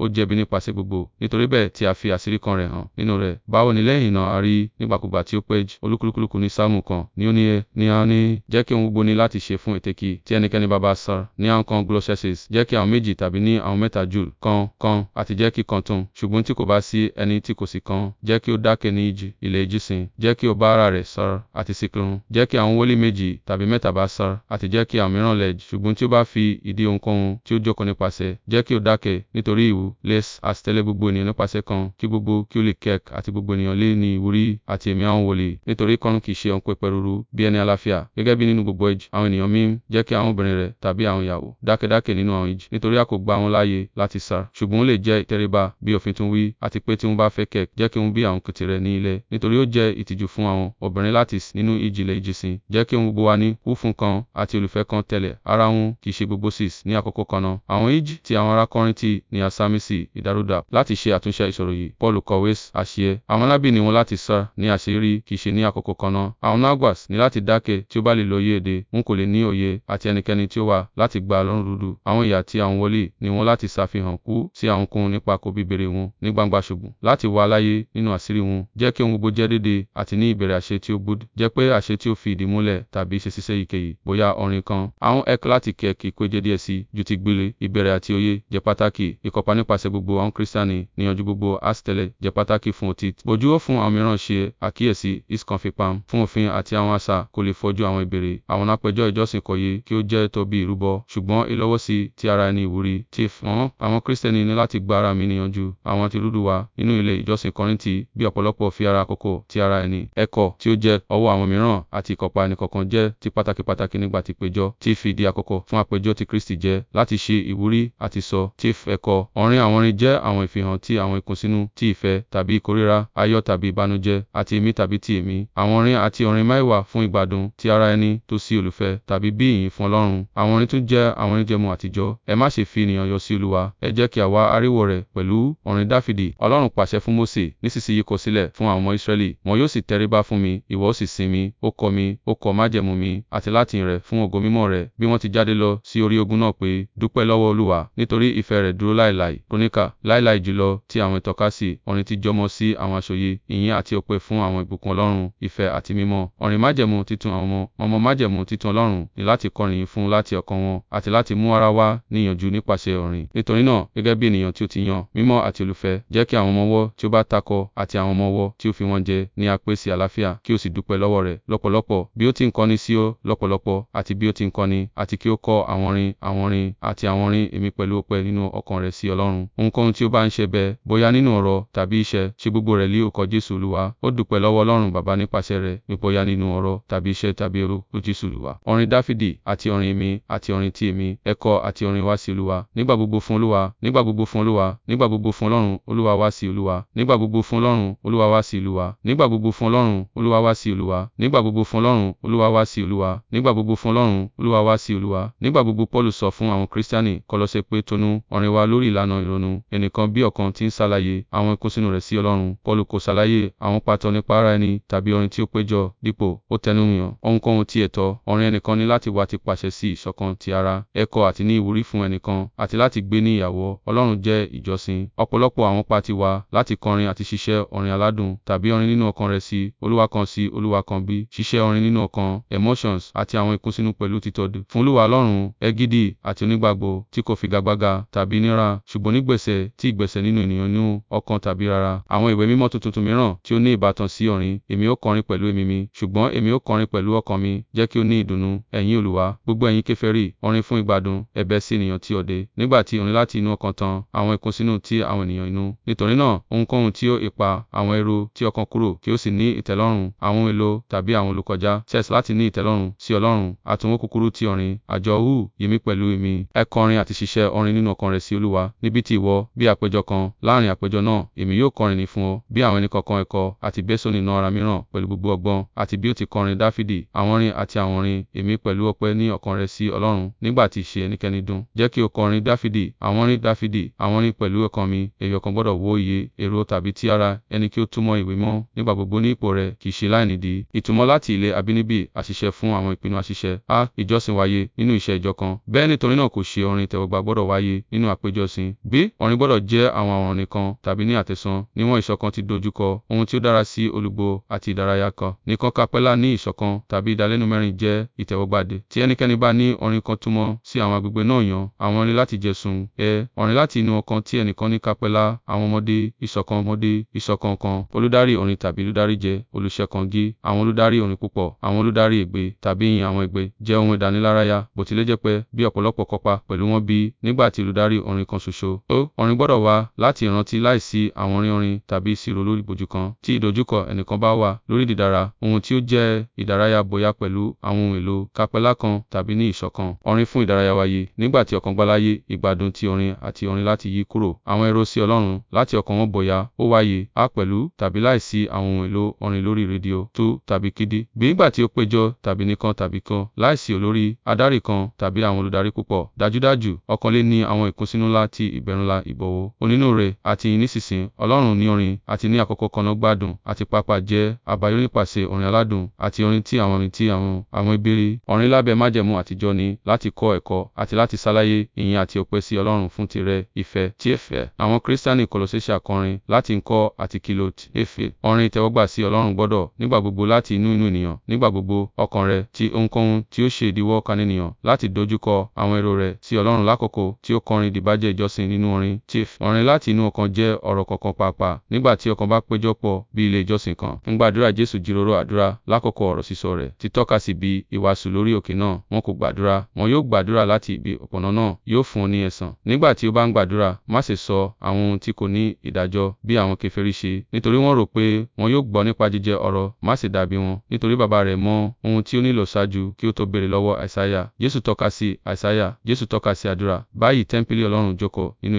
ó jẹ̀bi nípasẹ̀ gbogbo, nítorí bẹ́ẹ̀ tí a fi àṣírí kan rẹ̀ hàn nínú rẹ̀. Báwo ni lẹ́yìn náà a rí nígbàkúgbà tí ó péjú, olúkúlùkù ní Sáàmù kan ni ó ní ẹ, ní a ní, jẹ́ kí ohun gbogbo ní láti ṣe fún ètèkì tí ẹnikẹ́ni bá sá, ní àwọn kan jẹ́ kí àwọn méjì tàbí ní àwọn mẹ́ta jù kan kan, àti jẹ́ kí kan tún, ṣùgbọ́n tí kò bá sí ẹni tí kò sì kan, jẹ́ kí ó dákẹ́ ní ìjì, ilẹ̀ ìjì jẹ́ kí ó bá ara rẹ̀ sá, àti síkírun, jẹ́ kí àwọn wólí méjì tàbí mẹ́ta bá sá, àti jẹ́ kí àwọn mìíràn lẹ̀, ṣùgbọ́n tí ó bá fi ìdí ohunkóhun tí ó jókòó nípasẹ̀, jẹ́ kí ó dákẹ́, nítorí ìwú, Les àti tẹ́lẹ̀ gbogbo ènìyàn nípasẹ̀ kan, kí gbogbo kí ó lè kẹ́k àti gbogbo ènìyàn lé ní ìwúrí àti ẹ̀mí àwọn wòlíì. Nítorí kọ́run kì í ṣe ohun pẹpẹ ruru bí ẹni àlàáfíà. Gẹ́gẹ́ bí nínú gbogbo ìjì, àwọn ènìyàn mí jẹ́ kí àwọn obìnrin rẹ̀ tàbí àwọn ìyàwó dákẹ́dákẹ́ nínú àwọn ìjì, nítorí a kò gba wọn láàyè láti sá. Ṣùgbọ́n ó lè jẹ́ ìtẹríba bí òfin tún wí, àti pé tí wọ́n bá fẹ́ kẹ́k, jẹ́ kí wọ́n bí àwọn kìtì rẹ̀ ní ilẹ̀, nítorí ó jẹ́ ìtìjú fún àwọn obìnrin láti nínú ìjìnlẹ̀ ìjìsìn. Jẹ́ kí ohun gbogbo wa ní wúfún kan àti olùfẹ́ kan tẹ̀lé ara wọn kì í ṣe gbogbo sis ní àkókò kan náà. Àwọn ìjì tí àwọn ará Kọ́ríńtì ní àsámì sí ìdàrúdà láti ṣe àtúnṣe ìṣòro yìí. Paul kọ̀wé àṣìyẹ. Àwọn alábì ní wọn láti sá ní àṣírí kì í ṣe ní àkókò kan náà. Àwọn naguas ní láti dákẹ́ tí ó bá lè lo òye èdè, wọn kò lè ní òye àti ẹnikẹ́ni tí ó wà láti gba lọ́rùn rúdú. Àwọn ìyà tí àwọn wòlíì ní wọn láti ṣàfihàn kú sí àwọn kan nípa kò bíbèrè wọn ní gbangba ṣùgbọ́n láti wà láyé nínú àṣírí wọn. Jẹ́ kí ohun gbogbo jẹ́ déédéé àti ní ìbẹ̀rẹ̀ àṣẹ tí ó gbódù. Jẹ́ pé àṣẹ tí ó fi ìdí múlẹ̀ tàbí ṣe ṣiṣẹ́ èyíkéyìí, bóyá orin kan. Àwọn ẹ̀kọ́ láti kẹ̀kì péjẹ díẹ̀ sí ju ti gbélé, ìbẹ̀rẹ̀ àti òye jẹ́ pàtàkì, ìkọ̀pá nípasẹ̀ nípasẹ̀ gbogbo àwọn kírísítánì níyanjú gbogbo àsìtẹ́lẹ̀ jẹ́ pàtàkì fún òtítọ́. Bojúwò fún àwọn mìíràn ṣe àkíyèsí iskanfipam fún òfin àti àwọn àṣà kò lè fojú àwọn ìbéèrè àwọn apẹjọ́ ìjọsìn kọ̀yé kí ó jẹ́ tó bí ìrúbọ ṣùgbọ́n ìlọ́wọ́sí ti ara ẹni ìwúrí ti fún àwọn kírísítẹ́nì ní láti gba ara mi níyanjú àwọn ti rúdù wa nínú ilé ìjọsìn kọ́ríntì bí ọ̀pọ̀lọpọ̀ fi ara àkókò ti ara ẹni ẹ̀kọ́ tí ó jẹ́ ọwọ́ àwọn mìíràn àti ìkọ̀pa ẹnìkọ̀kan jẹ́ ti pàtàkì pàtàkì nígbà tí péjọ ti fìdí àkókò fún àpéjọ ti Kristi jẹ́ láti ṣe ìwúrí àti sọ ti ẹ̀kọ́ ọ̀rìn àwọn àwọn orin jẹ́ àwọn ìfihàn ti àwọn ìkùnsínú ti ìfẹ́ tàbí ìkórìíra, ayọ̀ tàbí ìbànújẹ́, àti èémí tàbí ti èémí. Àwọn orin àti orin mẹ́wàá fún ìgbádùn ti ara ẹni tó sí olùfẹ́ tàbí bí ìyìn fún Ọlọ́run. Àwọn orin tún jẹ́ àwọn oníjẹmú àtijọ́. Ẹ má ṣe fi ènìyàn yọ sí Olúwa. Ẹ jẹ́ kí a wá ariwo rẹ̀ pẹ̀lú orin Dáfídì. Ọlọ́run pàṣẹ fún Mósè, nísinsìnyí kọ sílẹ̀ fún àwọn ọmọ Israẹli. Wọn yóò sì tẹríba fún mi, ìwọ ó sì sin mi, ó kọ́ mi, ó kọ́ májẹ̀mú mi, àti láti rẹ̀ fún ògo mímọ́ rẹ̀. Bí wọ́n ti jáde lọ sí orí ogun náà pé, dúpẹ́ lọ́wọ́ Olúwa, nítorí ìfẹ́ rẹ̀ dúró láéláé oníkà láíláí jùlọ ti àwọn ìtọ́kasí orin ti jọmọ sí àwọn aṣòye ìyìn àti ọpẹ́ fún àwọn ìbùkún Ọlọ́run ìfẹ́ àti mímọ́ orin májẹ̀mú titun àwọn ọmọ ọmọ májẹ̀mú titun Ọlọ́run ni láti kọrin fún láti ọkàn wọn àti láti mú ara wa níyànjú nípasẹ̀ orin nítorí náà gẹ́gẹ́ bí ènìyàn tí ó ti yan mímọ́ àti olùfẹ́ jẹ́ kí àwọn ọmọ ọwọ́ tí ó bá takọ àti àwọn ọmọ ọwọ́ tí ó fi wọn jẹ ní apèsè àlàáfíà kí ó sì dúpẹ́ lọ́wọ́ rẹ̀ lọ́pọ̀lọpọ̀ bí ó ti ń kọni sí ó lọ́pọ̀lọpọ̀ àti bí ó ti ń kọni àti kí ó kọ àwọn orin àwọn orin àti àwọn orin èmi pẹ̀lú ọpẹ́ nínú ọkàn rẹ̀ sí Ọlọ́run ohunkóhun tí ó bá ń ṣe bẹ́ẹ̀, bóyá nínú ọ̀rọ̀ tàbí iṣẹ́, ṣe gbogbo rẹ̀ lé orúkọ Jésù Olúwa. Ó dúpẹ́ lọ́wọ́ Ọlọ́run Bàbá nípasẹ̀ rẹ̀, bí bóyá nínú ọ̀rọ̀ tàbí iṣẹ́ tàbí orúkọ Jésù Olúwa. Orin Dáfídì àti orin mi àti orin ti èmi, ẹ̀kọ́ àti orin wá sí Olúwa. Nígbà gbogbo fún Olúwa, nígbà gbogbo fún Olúwa, nígbà gbogbo fún Ọlọ́run, Olúwa wá sí Olúwa. Nígbà gbogbo fún Ọlọ́run, Olúwa wá sí Olúwa. Nígbà gbogbo fún Ọlọ́run, Olúwa wá sí Olúwa. Nígbà gbogbo fún Ọlọ́run, Olúwa wá sí Olúwa. Nígbà gbogbo fún Ọlọ́run, Olúwa wá sí Olúwa. Nígbà gbogbo Pọ́ọ̀lù sọ fún àwọn Kírísítánì Kọ́lọ́ṣe pé tonú, orin wa lórí ìlànà ìrònú ìyọnu ẹnìkan bí ọ̀kan tí ń ṣàlàyé àwọn ìkósínú rẹ̀ sí Ọlọ́run Paul kò ṣàlàyé àwọn pàtó nípa ara ẹni tàbí orin tí ó péjọ dípò ó tẹnumọ́ ohunkóhun tí ẹ̀tọ́ ọ̀rìn ẹnìkan ní láti wá ti pàṣẹ sí ìṣọ̀kan ti ara ẹ̀kọ́ àti ní ìwúrí fún ẹnìkan àti láti gbé ní ìyàwó Ọlọ́run jẹ́ ìjọsìn ọ̀pọ̀lọpọ̀ àwọn pati wa láti kọrin àti ṣiṣẹ́ orin aládùn tàbí orin nínú ọkàn rẹ̀ sí Olúwa kan sí Olúwa kan bí ṣiṣẹ́ orin nínú ọkàn emotions àti àwọn ìkùnsínú pẹ̀lú títọ́jú fún Olúwa Ọlọ́run ẹ gidi àti onígbàgbọ́ tí kò figagbága tàbí nira ṣùgbọ́n nígbà gbẹ̀sẹ̀ tí ìgbẹ̀sẹ̀ nínú ènìyàn nínú ọkàn tàbí rara. Àwọn ìwé mímọ́ tuntun mìíràn tí ó ní ìbátan sí orin, èmi ó kọrin pẹ̀lú èmi mi, ṣùgbọ́n èmi ó kọrin pẹ̀lú ọkàn mi, jẹ́ kí ó ní ìdùnnú, ẹ̀yin Olúwa, gbogbo ẹ̀yin kèfèrí, orin fún ìgbádùn, ẹ̀bẹ̀ sí ènìyàn tí òde, nígbà tí orin láti inú ọkàn tan àwọn ìkùnsínú ti àwọn ènìyàn inú. Nítorí náà, ohunkóhun tí ó ipa àwọn ẹrù tí ọkàn kúrò, kí ó sì ní ìtẹ́lọ́rùn, àwọn èlò tàbí àwọn olùkọjá, cess láti ní ìtẹ́lọ́rùn sí Ọlọ́run, àtúnwò kúkúrú ti orin, àjọ hù, yìmí pẹ̀lú èmi, ẹ àti ìwọ bí àpéjọ kan láàrín àpéjọ náà, èmi yóò kọrin ìyìn fún ọ, bí àwọn ẹnìkọ̀ọ̀kan ẹ̀kọ́ àti Besoni na ara mìíràn pẹ̀lú gbogbo ọgbọ́n, àti bí ó ti kọrin Dafidi, àwọn orin àti àwọn orin, èmi pẹ̀lú ọpẹ́ ní ọkàn rẹ sí Ọlọ́run, nígbà tí ìṣe ẹnikẹ́ni dùn. Jẹ́ kí ó kọrin Dafidi, àwọn orin Dafidi, àwọn orin pẹ̀lú ọkàn mi, èèyàn kò gbọdọ̀ wo iye, èrò tàbí ti ara, ẹni kí ó túmọ̀ ìwé mọ́, nígbà gbogbo ní ipò rẹ̀, kì í ṣe láìnídìí. Ìtumọ̀ láti ilé abínibí, àṣìṣe fún àwọn ìpinnu àṣìṣe. a. Ìjọsìn wáyé nínú iṣẹ́ ìjọ kan. Bẹ́ẹ̀ nítorí náà kò ṣe orin ìtẹ́wọ́gbà gbọdọ̀ wáyé nínú àpéjọ b pé ọ̀rìn gbọ́dọ̀ jẹ́ àwọn àwọ̀n nìkan tàbí ní àtẹ̀sán, níwọ̀n ìṣọ̀kan ti dojúkọ ohun tí ó dára sí olùgbò àti ìdárayá kan. Nìkan Kapẹ́là ní ìṣọ̀kan tàbí ìdálẹ́nu mẹ́rin jẹ́ ìtẹ́wọ́gbàdé. Tí ẹnikẹ́ni bá ní ọ̀rìn kan túmọ̀ sí àwọn agbègbè náà yàn, àwọn ọ̀rìn láti jẹ̀sùn, ẹ, ọ̀rìn láti inú ọkàn tí ẹnìkan ní Kapẹ́là, àwọn ọmọdé, ìṣọ̀kan ọmọdé, ìṣọ̀kan kan, olùdarí ọ̀rìn tàbí olùdarí jẹ́, olùṣèkàngi, àwọn olùdarí ọ̀rìn púpọ̀, àwọn olùdarí ègbé tàbí ìyìn àwọn ègbé jẹ́ ohun ìdánilárayá, bó tilẹ̀ jẹ́ pé bí ọ̀pọ̀lọpọ̀ kópa pẹ̀lú wọn bí nígbà tí olùdarí ọ̀rìn kan ṣoṣo ó orin gbọ́dọ̀ wá láti ìrántí láìsí àwọn orin orin tàbí ìṣirò lórí ìbòjú kan. Tí ìdojúkọ ẹnìkan bá wà lórí dídára, ohun tí ó jẹ́ ìdárayá bóyá pẹ̀lú àwọn ohun èlò kápẹ́là kan tàbí ní ìṣọ̀kan. Orin fún ìdárayá wáyé nígbà tí ọkàn gbáláyé ìgbádùn ti orin àti orin láti yí kúrò. Àwọn ẹrú sí Ọlọ́run láti ọkàn wọn bóyá ó wáyé, á pẹ̀lú tàbí láìsí àwọn ohun èlò orin lórí rédíò tó tàbí kéde. Bí nígbà tí ó péjọ tàbí nìkan tàbí kan láìsí olórí, adarí kan tàbí àwọn olùdarí púpọ̀. Dájúdájú, ọkàn lè ní àwọn ìkùnsínú ńlá ti ìbẹ̀rù ńlá ìbọ̀wọ̀. Onínúure àti nísinsin, Ọlọ́run ní orin àti ní àkókò kan náà gbádùn àti pàápàá jẹ́ àbáyọrí nípasẹ̀ orin aládùn àti orin tí àwọn orin tí àwọn àwọn ìbéèrè. Orin lábẹ́ májẹ̀mú àtijọ́ ni láti kọ́ ẹ̀kọ́ àti láti ṣàlàyé ìyìn àti ọpẹ́ sí Ọlọ́run fún tirẹ̀ ìfẹ́ tí ẹ fẹ́. Àwọn Kírísítánì Kọlọséṣà kọrin láti ń kọ́ àti kìlọ̀ èfè. Orin ìtẹ́wọ́gbà sí Ọlọ́run gbọ́dọ̀ nígbà gbogbo láti inú inú ènìyàn, nígbà gbogbo ọkàn rẹ̀ ti ohunkóhun tí ó ṣe ìdíwọ́ ọkàn ènìyàn láti dojúkọ àwọn èrò rẹ̀ sí Ọlọ́run lákòókò tí ó kọrin ìdìbàjẹ́ ìjọsìn nínú orin chief. Orin láti inú ọkàn jẹ́ ọ̀rọ̀ kọ̀ọ̀kan pàápàá. Nígbà tí ọkàn bá péjọpọ̀ bí ilé ìjọsìn kan, ń gbàdúrà Jésù jíròrò àdúrà lákòókò ọ̀rọ̀ sísọ rẹ̀ ti tọ́ka sí bí ìwàásù lórí òkè náà. Wọn kò gbàdúrà, wọn yóò gbàdúrà láti ibi ọ̀pọ̀nà náà yóò fún ọ ní ẹ̀san. Nígbà tí o bá ń gbàdúrà, má ṣe sọ àwọn ohun tí kò ní ìdájọ́ bí àwọn kèfèrí ṣe, nítorí wọ́n rò pé wọn yóò gbọ́ nípa jíjẹ ọ̀rọ̀, má ṣe dàbí wọn, nítorí Baba rẹ̀ mọ ohun tí ó nílò ṣáájú kí ó tó béèrè lọ́wọ́ Àìsáyà. Jésù tọ́ka sí Àìsáyà, Jésù tọ́ka sí àdúrà. Báyìí tẹ́ḿpìlì Ọlọ́run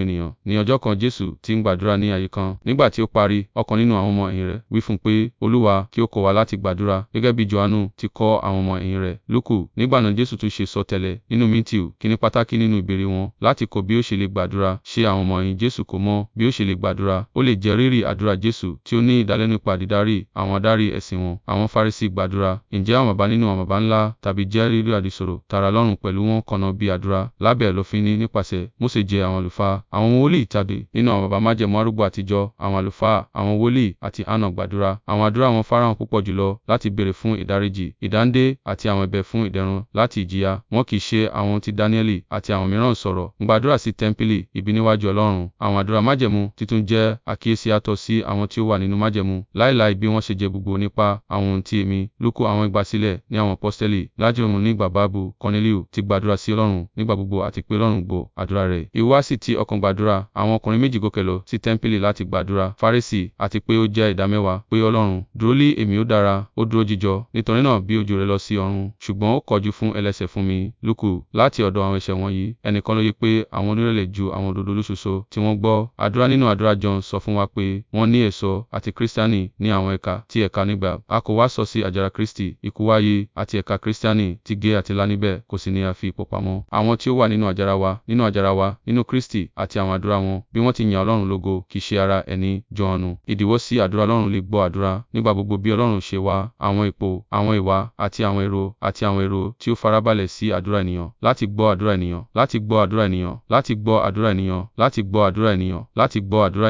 nínú ènìyàn. Ní ọjọ́ kan Jesu ti ń gbàdúrà ní ààyè kan. Nígbà tí ó parí, ọ̀kan nínú àwọn ọmọ ẹ̀yìn rẹ̀ wí fún un pé, Olúwa, kí ó kọ́ wa láti gbàdúrà, gẹ́gẹ́ bí Johanu ti kọ́ àwọn ọmọ ẹ̀yìn rẹ̀. Lúkù, nígbà náà Jesu tún ṣe sọtẹ́lẹ̀ nínú Mátíù, kíni pàtàkì nínú ìbéèrè wọn láti kọ́ bí ó ṣe lè gbàdúrà. Ṣé àwọn ọmọ ẹ̀yìn Jesu kò mọ̀ bí ó ṣe lè gbàdúrà? Ó lè jẹ́ rírì àdúrà Jesu tí ó ní ìdálẹ́nu nípa dídarí àwọn adarí ẹ̀sìn wọn. Àwọn Farisi gbàdúrà. Ǹjẹ́ àwọn baba nínú àwọn baba ńlá tàbí jẹ́ rírì àdìsọ̀rọ̀ tààrà Ọlọ́run pẹ̀lú wọn kan bí àdúrà? Lábẹ́ òfin ní nípasẹ̀ Mósè jẹ́ àwọn àlùfáà Àwọn wòlíì tàbí nínú àwọn baba májẹ̀mú arúgbó àtijọ́, àwọn àlùfáà, àwọn wòlíì àti Hana gbàdúrà. Àwọn àdúrà wọn farahàn púpọ̀ jùlọ láti béèrè fún ìdáríjì, ìdáǹdè àti àwọn ẹ̀bẹ̀ fún ìdẹ̀rùn láti ìjìyà. Wọn kì í ṣe àwọn ohun tí Daniẹli àti àwọn mìíràn sọ̀rọ̀ ń gbàdúrà sí tẹmpili ibi níwájú Ọlọ́run. Àwọn àdúrà májẹ̀mú titun jẹ́ àkíyèsí yàtọ̀ sí àwọn tí ó wà nínú májẹ̀mú, láíláí bí wọ́n ṣe jẹ́ gbogbo nípa àwọn ohun tí èmi, Luku àwọn ìgbàsílẹ̀ ní àwọn aposteli, lájùmọ̀ nígbà báábù Korneliu ti gbàdúrà sí Ọlọ́run nígbà gbogbo àti pé Ọlọ́run gbọ́ àdúrà rẹ̀. Ìhùwàsí ti ọkàn ń gbàdúrà, àwọn ọkùnrin méjì gòkè lọ sí tẹ́ḿpìlì láti gbàdúrà, Farisi, àti pé ó jẹ́ ìdámẹ́wàá, pé, Ọlọ́run, dúró lé èmi ó dára, ó dúró jíjọ, nítorí náà bí ojú rẹ̀ lọ sí ọ̀run, ṣùgbọ́n ó kọjú fún ẹlẹ́ṣẹ̀ fún mi. Luku, láti ọ̀dọ̀ àwọn ẹ̀ṣẹ̀ wọ̀nyí, ẹnìkan ló yé pé àwọn onírẹ̀lẹ̀ ju àwọn òdodo olóṣooṣo tí wọ́n gbọ́. Àdúrà nínú àdúrà John sọ fún wa pé wọ́n ní èso àti Kristiani ní àwọn ẹ̀ka ti ẹ̀ka nígbà. A kò wá sọ sí àjàrà Kristi, ikú wáyé, àti ẹ̀ka Kristiani ti gé àti là níbẹ̀, kò sì ní a fi ipò pamọ́. Àwọn tí ó wà nínú àjàrà wa, nínú àjàrà wa, nínú Kristi, àti àti àwọn àdúrà wọn, bí wọ́n ti yin Ọlọ́run lógo, kì í ṣe ara ẹni, Johanu. Ìdíwọ́ sí àdúrà Ọlọ́run lè gbọ́ àdúrà nígbà gbogbo bí Ọlọ́run ṣe wá, àwọn ipò, àwọn ìwà, àti àwọn èrò, àti àwọn èrò tí ó farabalẹ̀ sí àdúrà ènìyàn, láti gbọ́ àdúrà ènìyàn, láti gbọ́ àdúrà ènìyàn, láti gbọ́ àdúrà ènìyàn, láti gbọ́ àdúrà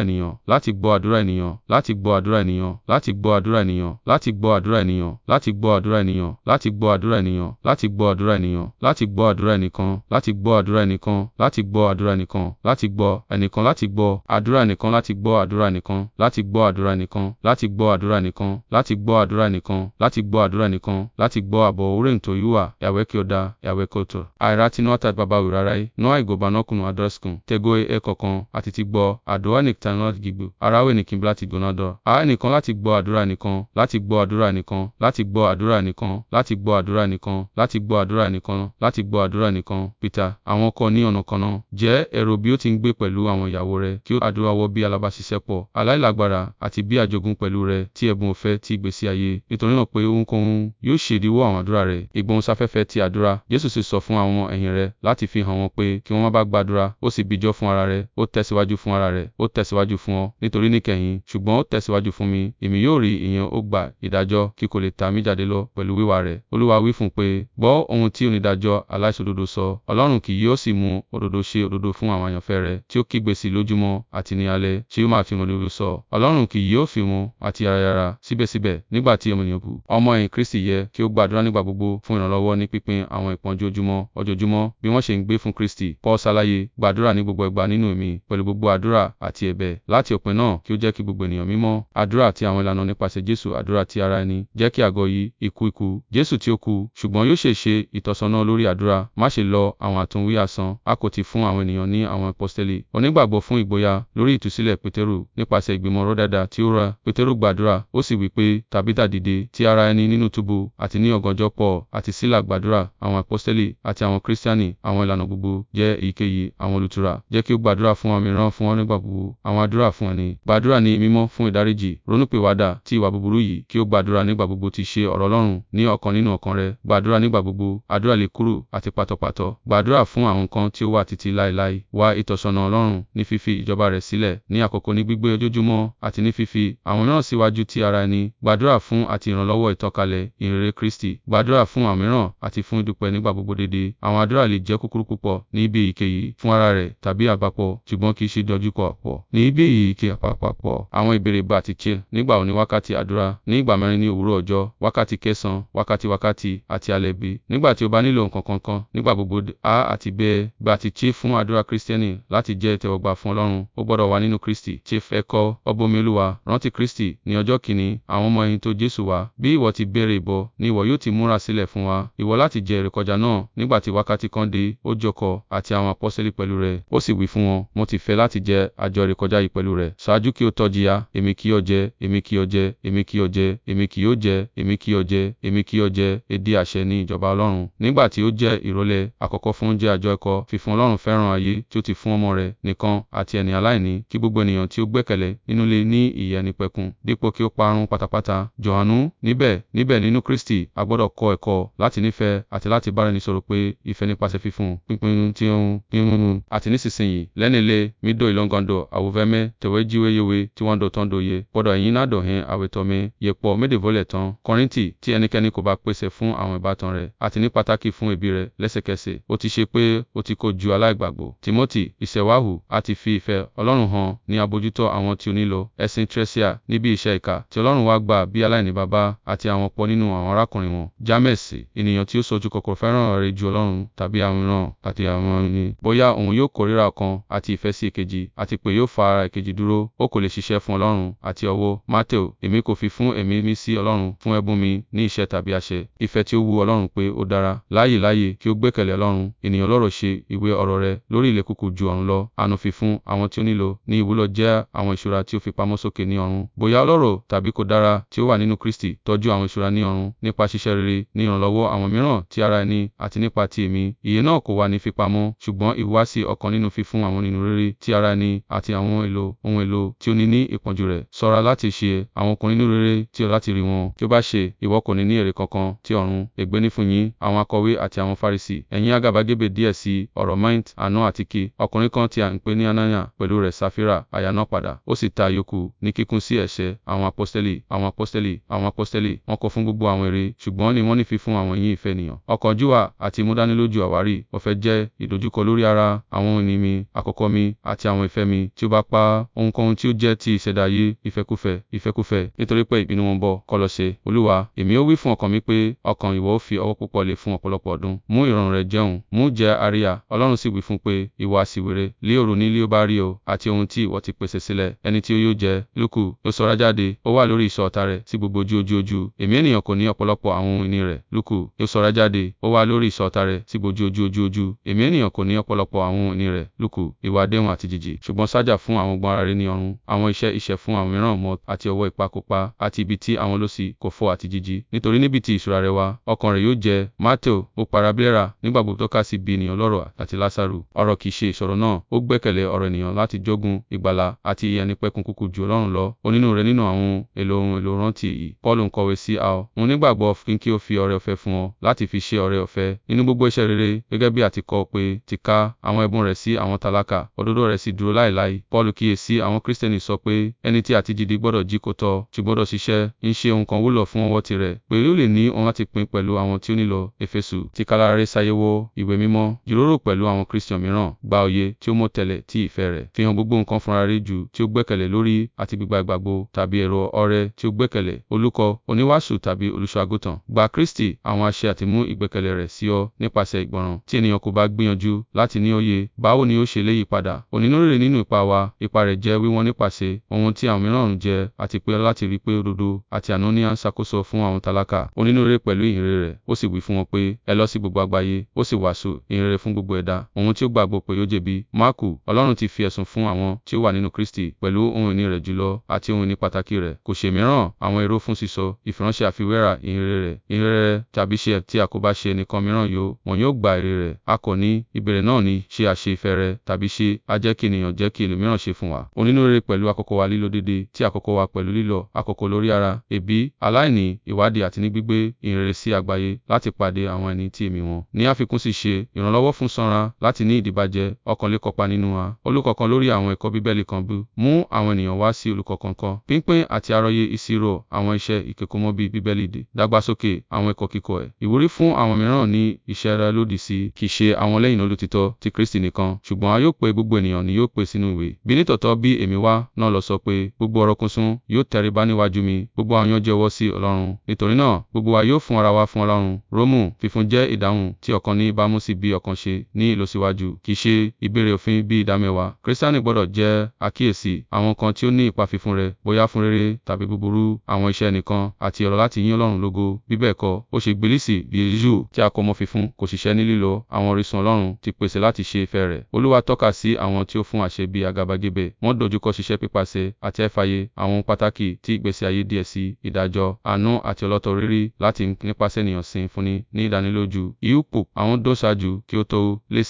ènìyàn, láti gbọ́ àdúrà ènìyàn, láti gbọ́ àdúrà ènìyàn, láti gbọ́ àdúrà ènìyàn, láti gbọ́ àdúrà ènìyàn, láti gbọ́ àdúrà ènìyàn, láti gbọ́ àdúrà ènìyàn, láti gbọ́ àdúrà ènìyàn, láti gbọ́ àdúrà ènìyàn, láti gbọ́ àdúrà ẹnìkan, láti gbọ́ àdúrà ẹnìkan, láti gbọ́ àdúrà ẹnìkan, láti gbọ́ ẹnìkan láti gbọ́ àdúrà ẹnìkan láti gbọ́ àdúrà ẹnìkan láti gbọ́ àdúrà ẹnìkan láti gbọ́ àdúrà ẹnìkan láti gbọ́ àdúrà ẹnìkan láti gbọ́ àdúrà ẹnìkan láti gbọ́ àbọ̀ orin tó yíwà yàwẹ́ kí o da yàwẹ́ kí o tọ̀. àìrá tí nọ́ọ̀tà bàbá wì rárá yìí nọ́ọ̀ ìgòbá nọ́kùnrin adọ́sùkùn tẹ́gọ́ ẹ kọ̀ọ̀kan àti ti gbọ́ àdúrà ẹnìkan láti gbìgbò aráwẹ̀ ní kìnbí láti gbóná dọ̀. a ẹnìkan láti gbọ́ àdúrà ẹnìkan láti gbọ́ àdúrà ẹnìkan láti gbọ́ àdúrà ẹnìkan láti gbọ́ àdúrà ẹnìkan láti gbọ́ àdúrà ẹnìkan láti gbọ́ àdúrà ẹnìkan. Peter àwọn ọkọ ní ọ̀nà kan náà jẹ́ èrò bí ó ti ń gbé pẹ̀lú àwọn ìyàwó rẹ, kí ó àdúrà wọ bí alábàáṣiṣẹ́pọ̀, aláìlágbára, àti bí àjogún pẹ̀lú rẹ tí ẹ̀bùn ọ̀fẹ́ ti ìgbésí ayé, nítorí náà pé ohunkóhun yóò ṣe ìdíwọ́ àwọn àdúrà rẹ. Ìgbóhùnsáfẹ́fẹ́ ti àdúrà Jésù sì sọ fún àwọn ẹ̀yìn rẹ̀ láti fihàn wọn pé kí wọ́n má ba gbàdúrà, ó sì bíjọ́ fún ara rẹ̀, ó tẹ̀síwájú fún ara rẹ̀, ó tẹ̀síwájú fún ọ, nítorí níkẹyìn, ṣùgbọ́n ó tẹ̀síwájú fún mi, èmi yóò rí ìyẹn ó gba ìdájọ́ kí kò lè ta mí jáde lọ pẹ̀lú wíwá rẹ̀. Olúwa wí fún pé, gbọ́ ohun tí onídàájọ́ aláìṣòdodo sọ, Ọlọ́run kì yóò sì mú òdodo ṣe òdodo fún àwọn àyànfẹ́ rẹ̀ rẹ̀ tí ó kígbe sí lójúmọ́ àti ní alẹ́, ṣé ó máa fi wọn lóru sọ? Ọlọ́run kì yóò fi wọn àti ayára síbẹ̀síbẹ̀ nígbà tí ọmọnìyàn kú. Ọmọ ẹ̀yìn Kristi yẹ kí ó gbàdúrà nígbà gbogbo fún ìrànlọ́wọ́ ní pínpín àwọn ìpọ́njú ojúmọ́, ọjọ́júmọ́, bí wọ́n ṣe ń gbé fún Kristi. Paul ṣàlàyé, gbàdúrà ní gbogbo ìgbà nínú ẹ̀mí, pẹ̀lú gbogbo àdúrà àti ẹ̀bẹ̀. Láti òpin náà, kí ó jẹ́ kí gbogbo ènìyàn mímọ́, àdúrà àti àwọn ìlànà nípasẹ̀ Jésù àdúrà ti ara ẹni, jẹ́ kí àgọ́ yìí, ikú ikú, Jésù tí ó kú, ṣùgbọ́n yóò ṣe ṣe ìtọ́sọ́nà lórí àdúrà, má ṣe lọ àwọn àtúnwí asán, a kò ti fún àwọn ènìyàn ní àwọn ẹ̀kọ́ aposteli onígbàgbọ́ fún ìgboyà lórí ìtúsílẹ̀ Pétérù nípasẹ̀ ìgbìmọ̀ ọ̀rọ̀ dáadáa tí ó ra Pétérù gbàdúrà ó sì wí pé Tàbítà dìde ti ara ẹni nínú túbú àti ní ọ̀gànjọ́ Pọ̀ àti Sílà gbàdúrà àwọn aposteli àti àwọn Kristiani àwọn ìlànà gbogbo jẹ́ èyíkéyìí àwọn olùtura jẹ́ kí ó gbàdúrà fún àwọn mìíràn fún wọn nígbà gbogbo àwọn àdúrà fún ẹni gbàdúrà ní mímọ́ fún ìdáríjì ronúpìwàdà ti ìwà búburú yìí kí ó gbàdúrà nígbà gbogbo ti ṣe ọ̀rọ̀ Ọlọ́run ní ọkàn nínú ọkàn rẹ̀ gbàdúrà nígbà gbogbo àdúrà lè kúrò àti pàtọ̀pàtọ̀ gbàdúrà fún àwọn nǹkan tí ó wà títí láéláé wá ìtọ́sọ́ ìtọ́sọ́nà Ọlọ́run ní fífi ìjọba rẹ̀ sílẹ̀ ní àkókò ní gbígbé ojoojúmọ́ àti ní fífi àwọn mìíràn síwájú ti ara ẹni, gbàdúrà fún àti ìrànlọ́wọ́ ìtànkálẹ̀ ìhìnrere Kristi, gbàdúrà fún àwọn mìíràn àti fún ìdúpẹ́ nígbà gbogbo déédéé. Àwọn àdúrà lè jẹ́ kúkúrú púpọ̀ ní ibi èyíkéyìí fún ara rẹ̀ tàbí àpapọ̀, ṣùgbọ́n kì í ṣe dojúkọ àpọ̀. Ní ibi èyíkéyìí àpapọ̀, àwọn ìbéèrè bá ti ṣe nígbà wo ni wákàtí àdúrà? Ní ìgbà mẹ́rin ní òwúrọ̀ ọjọ́, wákàtí kẹsàn-án, wákàtí wákàtí àti alẹ́ bí. Nígbà tí o bá nílò nǹkan kan nígbà gbogbo, a àti bẹ́ẹ̀ bá ti ṣe fún àdúrà Kristiẹni láti jẹ́ ìtẹ́wọ́gbà fún Ọlọ́run, ó gbọ́dọ̀ wà nínú Kristi. Chief ẹ̀kọ́ ọbomi Olúwa, rántí Kristi ní ọjọ́ kìíní, àwọn ọmọ ẹ̀yìn tó Jésù wá. Bí ìwọ ti béèrè ìbọ, ni ìwọ yóò ti múra sílẹ̀ fún wa. Ìwọ láti jẹ ìrékọjá náà. Nígbà tí wákàtí kan dé, ó jókòó àti àwọn apọ́sítélì pẹ̀lú rẹ̀. Ó sì wí fún wọn, mo ti fẹ́ láti jẹ àjọ ìrékọjá yìí pẹ̀lú rẹ̀. Ṣáájú kí ó tó jìyà, èmi kì yóò jẹ, èmi kì yóò jẹ, èmi kì yóò jẹ, èmi kì yóò jẹ, èmi kì yóò jẹ, èmi kì yóò jẹ, èdí àṣẹ ní ìjọba Ọlọ́run. Nígbà tí ó jẹ́ ìrọ̀lẹ́ àkọ́kọ́ fún oúnjẹ àjọ ẹ̀kọ́, fi fún Ọlọ́run fẹ́ràn ayé tí ó ti fún ọmọ ọmọ rẹ̀ nìkan àti ẹni aláìní, kí gbogbo ènìyàn tí ó gbẹ́kẹ̀lé nínú le ní ìyè ẹnìpẹ̀kun, dípò kí ó parun pátápátá. Johanu, níbẹ̀, níbẹ̀ nínú Kristi, a gbọdọ̀ kọ́ ẹ̀kọ́ láti nífẹ̀ẹ́ àti láti bára ẹni sọ̀rọ̀ pé ìfẹ́ nípasẹ̀ fífún, pínpín tí ó ń pínpín. Àti nísinsìnyí, lẹ́nu ilé, mídò ìlọ́ngàndò àwòfẹ́mẹ́ tẹ̀wéjíwéyẹwé tí wọ́n dọ̀tán dòye, gbọdọ̀ ẹ̀yin náà dọ̀hìn àwẹ̀tọ́mẹ́, yẹpọ̀ médèvólẹ̀ tán. Kọ́ríńtì, tí ẹnikẹ́ni kò bá pèsè fún àwọn ìbátan rẹ̀, àti ní pàtàkì fún ẹbí rẹ̀ lẹ́sẹ̀kẹsẹ̀, ó ti ṣe pé ó ti kó ju aláìgbàgbọ́. Timoti, ìṣẹ̀wáhù àti fi ìfẹ́ Ọlọ́run hàn ní àbójútó àwọn tí ó nílò ẹ̀sìn Tresia níbi iṣẹ́ ìkà tí Ọlọ́run wá gbà bí aláìní baba àti àwọn ọ̀pọ̀ nínú àwọn arákùnrin wọn. Jámẹ̀sì, ènìyàn tí ó sojú kòkòrò fẹ́ràn ọrẹ ju Ọlọ́run tàbí àwọn ìran àti àwọn ẹni, bóyá òun yóò kórìíra ọ̀kan àti ìfẹ́ sí èkejì àti pé yóò fa ara èkejì dúró, ó kò lè ṣiṣẹ́ fún Ọlọ́run àti ọwọ́. Mateo, èmi kò fi fún ẹ̀mí mi sí Ọlọ́run fún ẹ̀bùn mi ní iṣẹ́ tàbí àṣẹ. Ìfẹ́ tí ó wu Ọlọ́run pé ó dára, láyè láyè kí ó gbẹ́kẹ̀lé Ọlọ́run, ènìyàn lọ́rọ̀ ṣe ìwé ọ̀rọ̀ rẹ̀ lórí ilẹ̀ kúkú ju ọ̀run ọ̀run lọ. Àánú fífún àwọn tí ó nílò ní ìwúlò jẹ́ àwọn ìṣúra tí ó fi pamọ́ sókè ní ọ̀run. Bóyá ọlọ́rọ̀ tàbí kò dára tí ó wà nínú Kristi tọ́jú àwọn ìṣúra ní ọ̀run nípa ṣíṣe rere ní ìrànlọ́wọ́ àwọn mìíràn ti ara ẹni àti nípa ti ẹ̀mí. Iye náà kò wà ní fípamọ́, ṣùgbọ́n ìhùwàsí ọkàn nínú fífún àwọn nínú rere ti ara ẹni àti àwọn èlò ohun èlò tí ó ní ní ìpọ́njú rẹ̀. Ṣọ́ra láti ṣe àwọn ọkùnrin nínú rere tí o láti rí wọn. Kí ó bá ṣe, ìwọ kò ní ní èrè kankan ti ọ̀run. Ègbé ni fún yín, àwọn akọ̀wé àti àwọn Farisi, ẹ̀yin àgàbàgebè díẹ̀ sí ọ̀rọ̀ mint, àánú àti ike. Ọkùnrin kan tí a ń pè ní Anania, pẹ̀lú rẹ̀ Safira, aya náà padà, ó sì ta yòókù ní kíkún sí ẹ̀ṣẹ̀ àwọn apọ́stẹ́lì, àwọn apọ́stẹ́lì, àwọn apọ́stẹ́lì, wọn kọ fún gbogbo àwọn ère, ṣùgbọ́n ni wọ́n ní fífún àwọn yìí ìfẹ́ ènìyàn. Ọ̀kánjúwà àti ìmúdánilójú àwárí, ọ̀fẹ́ jẹ́ ìdojúkọ lórí ara, àwọn ìní mi, àkọ́kọ́ mi, àti àwọn ìfẹ́ mi, tí ó bá pa ohunkóhun tí ó jẹ́ ti ìṣẹ̀dá ayé, ìfẹ́kúfẹ́, ìfẹ́kúfẹ́, nítorí pé ìbínú wọn bọ̀, Kọ́lọ́ṣe, Olúwa, èmi ó wí fún ọkàn mi pé, ọkàn ìwọ ó fi ọwọ́ púpọ̀ lé fún ọ̀pọ̀lọpọ̀ ọdún, mú ìrọ̀rùn rẹ jẹun, mú jẹ àríyá, Ọlọ́run sì wí fún pé, ìwọ aṣiwèrè rere, lé òru ní ilé ó bá rí o, àti ohun tí ìwọ ti pèsè sílẹ̀, ẹni tí ó yóò jẹ, Lúkù, ó sọra jáde, ó wà lórí ìṣọ́ ọ̀tá rẹ̀, sí gbogbo ojú ojú ojú, ẹ̀mí ènìyàn kò ní ọ̀pọ̀lọpọ̀ àwọn ohun ìní rẹ̀, Lúkù, ó sọra jáde, ó wà lórí ìṣọ́ ọ̀tá rẹ̀, sí gbogbo ojú ojú ojú, ẹ̀mí ènìyàn kò ní ọ̀pọ̀lọpọ̀ àwọn ohun ìní rẹ̀, Lúkù, ìwà àdéhùn àti jìjì, ṣùgbọ́n sájà fún àwọn ogun ara rẹ̀ ní ọ̀run, àwọn iṣẹ́ iṣẹ́ fún àwọn mìíràn mọ́, àti ọwọ́ ìpakúpa, àti ibi tí àwọn olòṣì kò fọ́ àti jìjì, nítorí níbi tí ìṣúra rẹ̀ wà, ọkàn rẹ̀ yóò jẹ́, Mateo, ó parabẹ́lẹ́ra, nígbà gbogbo tọ́ka sí bí ènìyàn ọlọ́rọ̀ àti Lásárù, ọ̀rọ̀ kì í ṣe ìṣòro náà, ó gbẹ́kẹ̀lé ọ̀rọ̀ ènìyàn láti jogún ìgbàlà àti ìyẹnipẹ̀kun kúkú ju Ọlọ́run lọ. Onínúure nínú àwọn ohun èlò ohun èlò ìrántí yìí, Paulu ń kọ̀wé sí Ao. Mo nígbàgbọ́ kí n kí ó fi oore-ọ̀fẹ́ fún ọ láti fi ṣe oore-ọ̀fẹ́ nínú gbogbo iṣẹ́ rere gẹ́gẹ́ bí a ti kọ pé ti ka àwọn ẹ̀bùn rẹ̀ sí àwọn tálákà, òdodo rẹ̀ sì dúró láéláé. Paulu kíyèsí àwọn Kristẹni sọ pé ẹni tí a ti jí di gbọdọ̀ jí kó tọ́, tí gbọdọ̀ ṣiṣẹ́, ń ṣe ohun kan wúlò fún ọwọ́ tirẹ̀, pé yóò lè ní ohun láti pín pẹ̀lú àwọn tí ó nílò. Efesu, tìkálára rẹ̀ ṣàyẹ̀wò ìwé mímọ́, jíròrò pẹ̀lú àwọn Kristian mìíràn, gba òye tí ó mọ̀ tẹ́lẹ̀ ti ìfẹ́ rẹ̀, fihàn gbogbo nǹkan fúnra rẹ̀ jù tí ó gbẹ́kẹ̀lé lórí àti gbígba ìgbàgbọ́ tàbí ẹ̀rọ ọrẹ tí ó gbẹ́kẹ̀lé olùkọ́, oníwàásù tàbí olùṣọ́-àgùntàn. Gba Kristi, àwọn àṣẹ àti mú ìgbẹ́kẹ̀lé rẹ̀ sí ọ nípasẹ̀ ìgbọràn. Tí ènìyàn kò bá gbìyànjú láti ní òye, báwo ni ó ṣe lè yípadà? Onínúrere nínú ipa wa, ipa rẹ̀ jẹ́ wíwọ́n nípasẹ̀ ohun tí àwọn mìíràn ń jẹ àti pé láti rí pé òdodo àti àánú ni à ń ṣàkóso fún àwọn tálákà. Onínúrere pẹ̀lú ìhìnrere rẹ̀, ó sì wí fún wọn pé, “Ẹ lọ sí gbogbo àgbáyé, ó sì wàásù ìhìnrere fún gbogbo ẹ̀dá.” Ohun tí ó gbàgbọ́ pé yóò jẹ̀bi. Máàkù, Ọlọ́run ti fi ẹ̀sùn fún àwọn tí ó wà nínú Kristi pẹ̀lú ohun ìní rẹ̀ jùlọ àti ohun ìní pàtàkì rẹ̀. Kò ṣe mìíràn, àwọn èrò fún sísọ, ìfiránṣẹ́ àfiwéra ìhìnrere rẹ̀, ìhìnrere rẹ̀ tàbí ṣe tí a kò bá ṣe ẹnìkan mìíràn yọ, wọn yóò gba èrè rẹ̀. A kò ní, ìbéèrè náà ni, ṣé a ṣe ìfẹ́ rẹ̀ tàbí ṣé a jẹ́ kí ènìyàn jẹ́ kí ẹlòmíràn ṣe fún wa? Onínúrere pẹ̀lú àkókò wa lílò déédéé tí àkókò wa pẹ̀lú lílọ àkókò lórí ara, ẹbí, aláìní, ìwádìí àti ní gbígbé ìhìnrere sí àgbáyé láti pàdé àwọn ẹni tí ẹ̀mí wọn ní àfikún sì ṣe ìrànlọ́wọ́ fún sanra láti ní ìdíbàjẹ́ ọkàn kan lè kópa nínú wa. Olùkọ̀ọ̀kan lórí àwọn ẹ̀kọ́ Bíbélì kan bú. Mú àwọn ènìyàn wá sí olùkọ̀ọ̀kan pínpín àti àròyé ìṣirò àwọn iṣẹ́ ìkẹ́kọ̀ọ́ bí Bíbélì dé. Dàgbàsókè àwọn ẹ̀kọ́ kíkọ́ ẹ̀. Ìwúrí fún àwọn mìíràn ní iṣẹ́ rẹ lòdì sí kì í ṣe àwọn lẹ́yìn olùtítọ́ ti Kristi nìkan, ṣùgbọ́n a yóò pe gbogbo ènìyàn ni yóò pè sínú ìwé. Bí nítòótọ́ bí èmi wá náà lọ sọ pé gbogbo ọ̀rọ̀ kúnsún yóò tẹríba níwájú mi, gbogbo àwọn yóò jẹ́wọ́ sí Ọlọ́run. Nítorí náà, gbogbo wa yóò fún ara wa fún Ọlọ́run. Rómù fífún jẹ́ ìdáhùn tí ọ̀kan ní ìbámu sí bí ọ̀kan ṣe ní ìlọsíwájú, kì í ṣe ìbéèrè dágbére òfin bí ìdámẹ́wàá. Kírísítánì gbọ́dọ̀ jẹ́ àkíyèsí àwọn kan tí ó ní ipa fífún rẹ̀, bóyá fún rere tàbí búburú, àwọn iṣẹ́ ẹnìkan àti ọ̀rọ̀ láti yín Ọlọ́run lógo. Bí bẹ́ẹ̀ kọ́, ó ṣe gbilisi bí èyí tí a kò mọ fífún, kò ṣiṣẹ́ ní lílọ, àwọn orísun Ọlọ́run ti pèsè láti ṣe ìfẹ́ rẹ̀. Olúwa tọ́ka sí àwọn tí ó fún àṣẹ bí àgàbàgebè, wọ́n dojúkọ ṣiṣẹ́ pípasẹ̀ àti ẹ̀fàyè, àwọn ohun pàtàkì ti ìgbésí ayé díẹ̀ sí, ìdájọ́, àánú àti ọlọ́tọ̀ rírí láti nípasẹ̀ ènìyàn sìn fúnni ní ìdánilójú. Ìyípò àwọn dó ṣáájú kí ó tó lé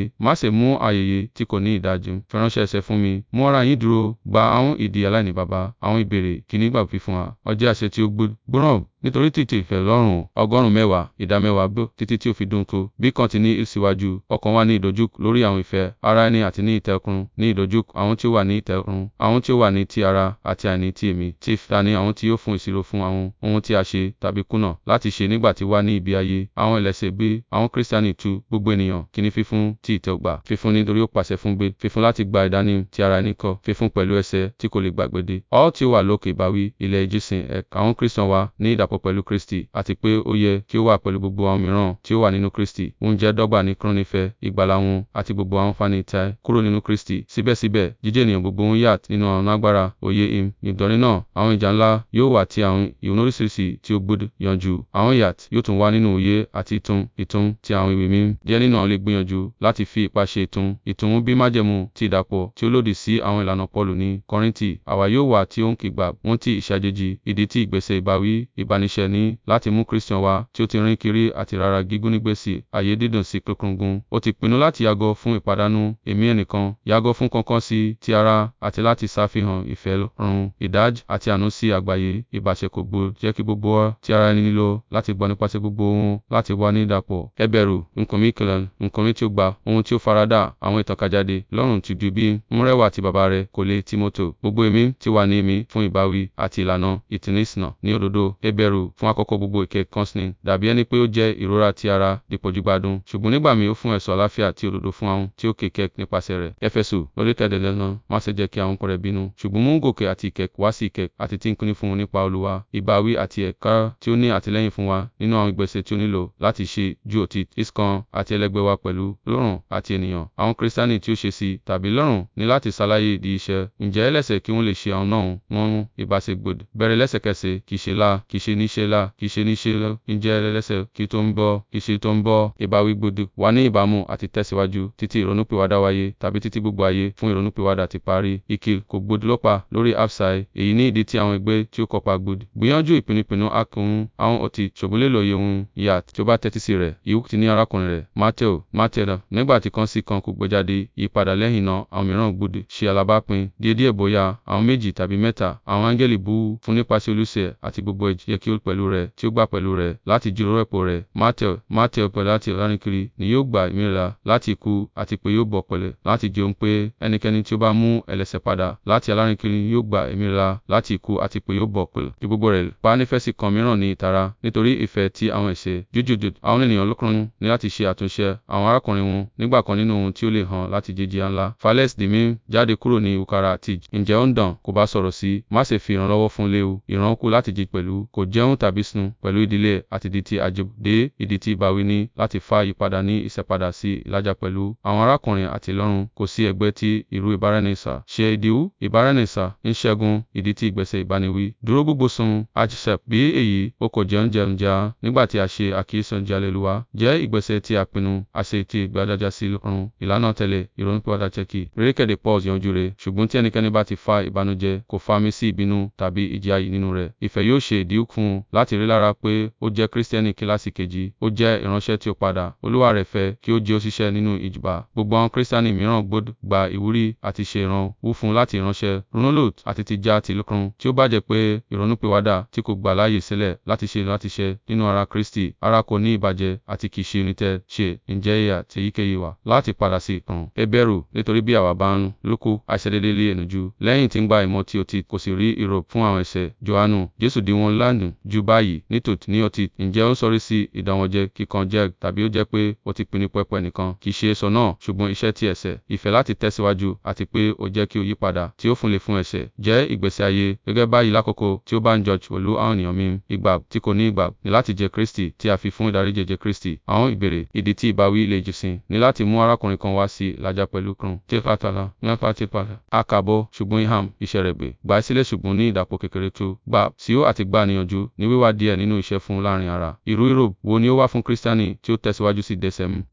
ṣe, má ṣe mú ayẹyẹ tí kò ní ìdájú. Fìránṣẹ́ ẹsẹ̀ fún mi. Mú ara yín dúró. Gba ahun ìdí aláìní baba. Àwọn ìbéèrè kìíní gbàgbé fún wa. Ọjẹ́ àṣẹ tí ó gbóòórùn. Nítorí títí ìfẹ́ lọ́rùn ọgọ́rùn-ún mẹ́wàá, ìdá mẹ́wàá gbó títí tí ó fi dún kú. Bí kan ti ní ìsíwájú, ọkàn wà ní ìdojúkọ lórí àwọn ìfẹ́ ara ẹni àti ní ìtẹ̀kùn, ní ìdojúkọ àwọn tí ó wà ní ìtẹ̀kùn, àwọn tí ó wà ní ti ara àti àìní ti ẹ̀mí. Ti ìfẹ́ ni àwọn tí yóò fún ìṣirò fún àwọn ohun tí a ṣe tàbí kùnà láti ṣe nígbà tí wà ní ibi ayé. Àwọn ẹlẹ́sẹ̀ gbé, àwọn Krístíánì tu gbogbo ènìyàn kìíní fífún ti ìtẹ́wọ́gbà, fífún nítorí ó pàṣẹ fún gbé, fífún láti gba ìdánimọ̀ ti ara ẹni kọ́, fífún pẹ̀lú ẹsẹ̀ tí kò lè gbàgbé dé. Ọ tí ó wà lókè ìbáwí, ilẹ̀ ìjìsìn ẹ̀ka àwọn Krístìán wà ní ìdàpọ̀ papọ̀ pẹ̀lú Kristi, àti pé ó yẹ kí ó wà pẹ̀lú gbogbo àwọn mìíràn tí ó wà nínú Kristi. Ó ń jẹ́ dọ́gba ní kúrúnifẹ́, ìgbàlà wọn, àti gbogbo àwọn fani tẹ́ kúrò nínú Kristi. Síbẹ̀síbẹ̀, jíjẹ́ ènìyàn gbogbo ń yà nínú àwọn agbára òye im. Nítorí náà, àwọn ìjà ńlá yóò wà ti àwọn ìhónú oríṣiríṣi tí ó gbọ́dọ̀ yanjú. Àwọn ìyà yóò tún wà nínú òye àti ìtún ìtún ti àwọn ìwé mímọ́. Díẹ̀ nínú àwọn lè gbìyànjú láti fi ipá ṣe ìtún ìtún bí májẹ̀mú ti ìdàpọ̀ tí ó lòdì sí àwọn ìlànà Pọ́ọ̀lù ní Kọ́ríńtì. Àwa yóò wà tí ó ń kígbà níṣẹ́ ní láti mú Christian wá tí ó ti rìn kiri àti rárá gígùn nígbésí ayé dídùn sí kíkúngun. Ó ti pinnu láti yàgò fún ìpàdánù ẹ̀mí ẹnìkan, yàgò fún kánkán sí ti ara àti láti ṣàfihàn ìfẹ́ Ọlọ́run, ìdájì àti àánú sí àgbáyé. Ìbáṣe kò gbọdọ̀ jẹ́ kí gbogbo wa ti ara ẹni nílò láti gbọ́ nípasẹ̀ gbogbo ohun láti wà ní ìdàpọ̀. Ẹ nǹkan mi kìlọ̀, nǹkan mi tí ó gba, ohun tí ó faradà, àwọn ìtànkàjáde, Ọlọ́run ti ju bí ń àti bàbá rẹ̀ kò lè Tímótè. Gbogbo ẹ̀mí ti wà ní ẹ̀mí fún ìbáwí àti ìlànà ìtìnísíná ní òdodo. Ẹ bẹ̀rù fún àkókò gbogbo ìkẹ́ counseling dàbí ẹni pé ó jẹ́ ìrora ti ara dípòjúgbádùn ṣùgbọ́n nígbà míì ó fún ẹ̀ṣọ́ àlàáfíà àti òdodo fún àwọn tí ó kéèké nípasẹ̀ rẹ̀ ẹfẹsù lórí kẹdẹlẹ má ṣe jẹ́ kí àwọn ọkọ rẹ bínú ṣùgbọ́n mú gòkè àti ìkẹ́ wá sí ìkẹ́ àti tí ń kúnni fún un nípa olúwa ìbáwí àti ẹ̀ka tí ó ní àtìlẹ́yìn fún wa nínú àwọn ìgbésẹ̀ tí ó nílò láti ṣe ju òtí iskan àti ẹlẹgbẹ́ wa pẹ̀lú lọ́rùn àti ènìyàn àwọn kírísítánì tí ó ṣe sí tàbí lọ́rùn ní láti ṣàlàyé ìdí iṣẹ́ ǹjẹ́ lẹ́sẹ̀ kí wọ́n lè ṣe àwọn náà wọ́n ìbáṣegbòd bẹ̀rẹ̀ lẹ́sẹ̀kẹsẹ̀ kì í ṣe lá kì í ṣe níṣe là, ìṣe níṣe lọ, ìjẹ́ ẹlẹ́sẹ̀ kí tó ń bọ̀, ìṣe tó ń bọ̀, ìbáwí gbòdì, wà ní ìbámu àti tẹ̀síwájú títí ìrònúpìwàdà wáyé tàbí títí gbogbo ayé fún ìrònúpìwàdà ti parí. Ìkìl kò gbòdì lọ́pàá lórí AFSAI, èyí ni ìdí tí àwọn ẹgbẹ́ tí ó kópa gbòdì. Gbìyànjú ìpinnu-ìpinnu àkóhun, àwọn ọtí ṣògbọ́n lè lóye ohun ìyá tí ó bá tẹ́tí sí rẹ̀. Ìwú ti ní arákùnrin rẹ̀, Mateo, Mateo, nígbà tí kan sí kan kò gbéjáde, ìyípadà lẹ́yìn náà àwọn mìíràn gbòdì. Ṣe alábápín, díẹ̀díẹ̀ bóyá àwọn méjì tàbí mẹ́ta, àwọn áńgẹ́lì bú fún nípasẹ̀ olùṣẹ́ àti gbogbo ẹ̀jẹ̀ yẹ kí tí ó pẹ̀lú rẹ̀, tí ó gbà pẹ̀lú rẹ̀, láti jíròrò ẹ̀pọ̀ rẹ̀. Mateo, Mateo pẹ̀lú àti ìránikiri ni yóò gba ìmíra láti ikú àti pé yóò bọ̀ pẹ̀lú láti jẹ òun pé ẹnikẹ́ni tí ó bá mú ẹlẹ́ṣẹ̀ padà láti alárinkiri yóò gba ìmíra láti ikú àti pé yóò bọ̀ pẹ̀lú. Ju gbogbo rẹ̀, pa nífẹ̀ẹ́sì kan mìíràn ní ìtara, nítorí ìfẹ́ ti àwọn ẹ̀ṣẹ̀. Jújùjù, àwọn ènìyàn lọ́kùnrin ní láti ṣe Fales dì mí jáde kúrò ní ìwúkàrà àti ìjì. Ǹjẹ́ ó ń dàn? Kò bá sọ̀rọ̀ sí. Má jẹun tàbí sùn pẹ̀lú ìdílé àti ìdí tí àjòdè ìdí tí ìbáwí ní láti fa ìyípadà ní ìṣẹ̀padà sí ìlàjà pẹ̀lú àwọn arákùnrin àti ìlọ́run kò sí ẹgbẹ́ tí irú ìbáraẹnisà ṣe ìdíwú ìbáraẹnisà ń ṣẹ́gun ìdí tí ìgbésẹ̀ ìbániwí dúró gbogbo sun àjẹsẹ̀p bí èyí o kò jẹun jẹun jà nígbà tí a ṣe àkíyèsí oúnjẹ àlelúwa jẹ́ ìgbésẹ̀ tí a pinnu àṣẹ ti ìgbàdájà sí ọrùn ìlànà tẹ̀lé ìrònúpìwàdà jẹ́kì rékèdè Paul fún láti rí lára pé ó jẹ́ Kristiẹni kíláàsì kejì, ó jẹ́ ìránṣẹ́ tí ó padà. Olúwa rẹ̀ fẹ́ kí ó jẹ́ òṣìṣẹ́ nínú ìjìbá. Gbogbo àwọn Kristiẹni mìíràn gbọdọ̀ gba ìwúrí àti ṣe ìrànwọ́ fún láti ìránṣẹ́. Ronú Lót àti ti já tìlú kan tí ó bá jẹ́ pé ìrònúpìwàdà tí kò gbà láàyè sílẹ̀ láti ṣe láti ṣe nínú ara Kristi, ara kò ní ìbàjẹ́ àti kì í ṣe onítẹ̀ ṣe ǹjẹ́ ìyà tí èyíkéyìí wà láti padà sí ìkan. Ẹbẹ̀rù nítorí bí àwa bá ń lóko àìṣedéédéé lé ẹnu Lẹ́yìn tí ń gba ìmọ̀ tí ó ti kò sì rí ìró fún àwọn ẹ̀ṣẹ̀. Johanu, Jésù dí wọn lánàá sùn ju báyìí nítòótọ́ ni ó ti. Ǹjẹ́ ó sọrí sí ìdánwòjẹ kíkanjẹ tàbí ó jẹ́ pé ó ti pinnu pẹpẹ nìkan? Kì í ṣe èso náà, ṣùgbọ́n iṣẹ́ ti ẹ̀ṣẹ̀. Ìfẹ́ láti tẹ̀síwájú àti pé ó jẹ́ kí o yípadà tí ó fúnle fún ẹ̀ṣẹ̀ jẹ́ ìgbésí ayé gẹ́gẹ́ báyìí lákòókò tí ó bá ń jọ́jù pẹ̀lú àwọn ènìyàn mi. Ìgbà tí kò ní ìgbà ni láti jẹ Kristi tí a fi fún ìdáríjì jẹ Kristi. Àwọn ìbéèrè ìdí tí ìbáwí lè jù sin ni láti mú arákùnrin kan wá sí ìlàjà pẹ̀lú kan. Tẹ́fàtàlà, mẹ́fà tẹ́fàtà. ṣùgbọ́n ìhàm iṣẹ́ rẹ̀ gbé. Gbà sílẹ̀ ṣùgbọ́n ní ìdàpọ̀ kékeré tó. Gbà sí ó àti gbà níyànjú tẹ̀síwájú ní wíwá díẹ̀ nínú ìṣẹ́ fún láàárín ara. Irú Europe wo ni ó wà fún Kristẹni tí ó tẹ̀síwájú sí DSM?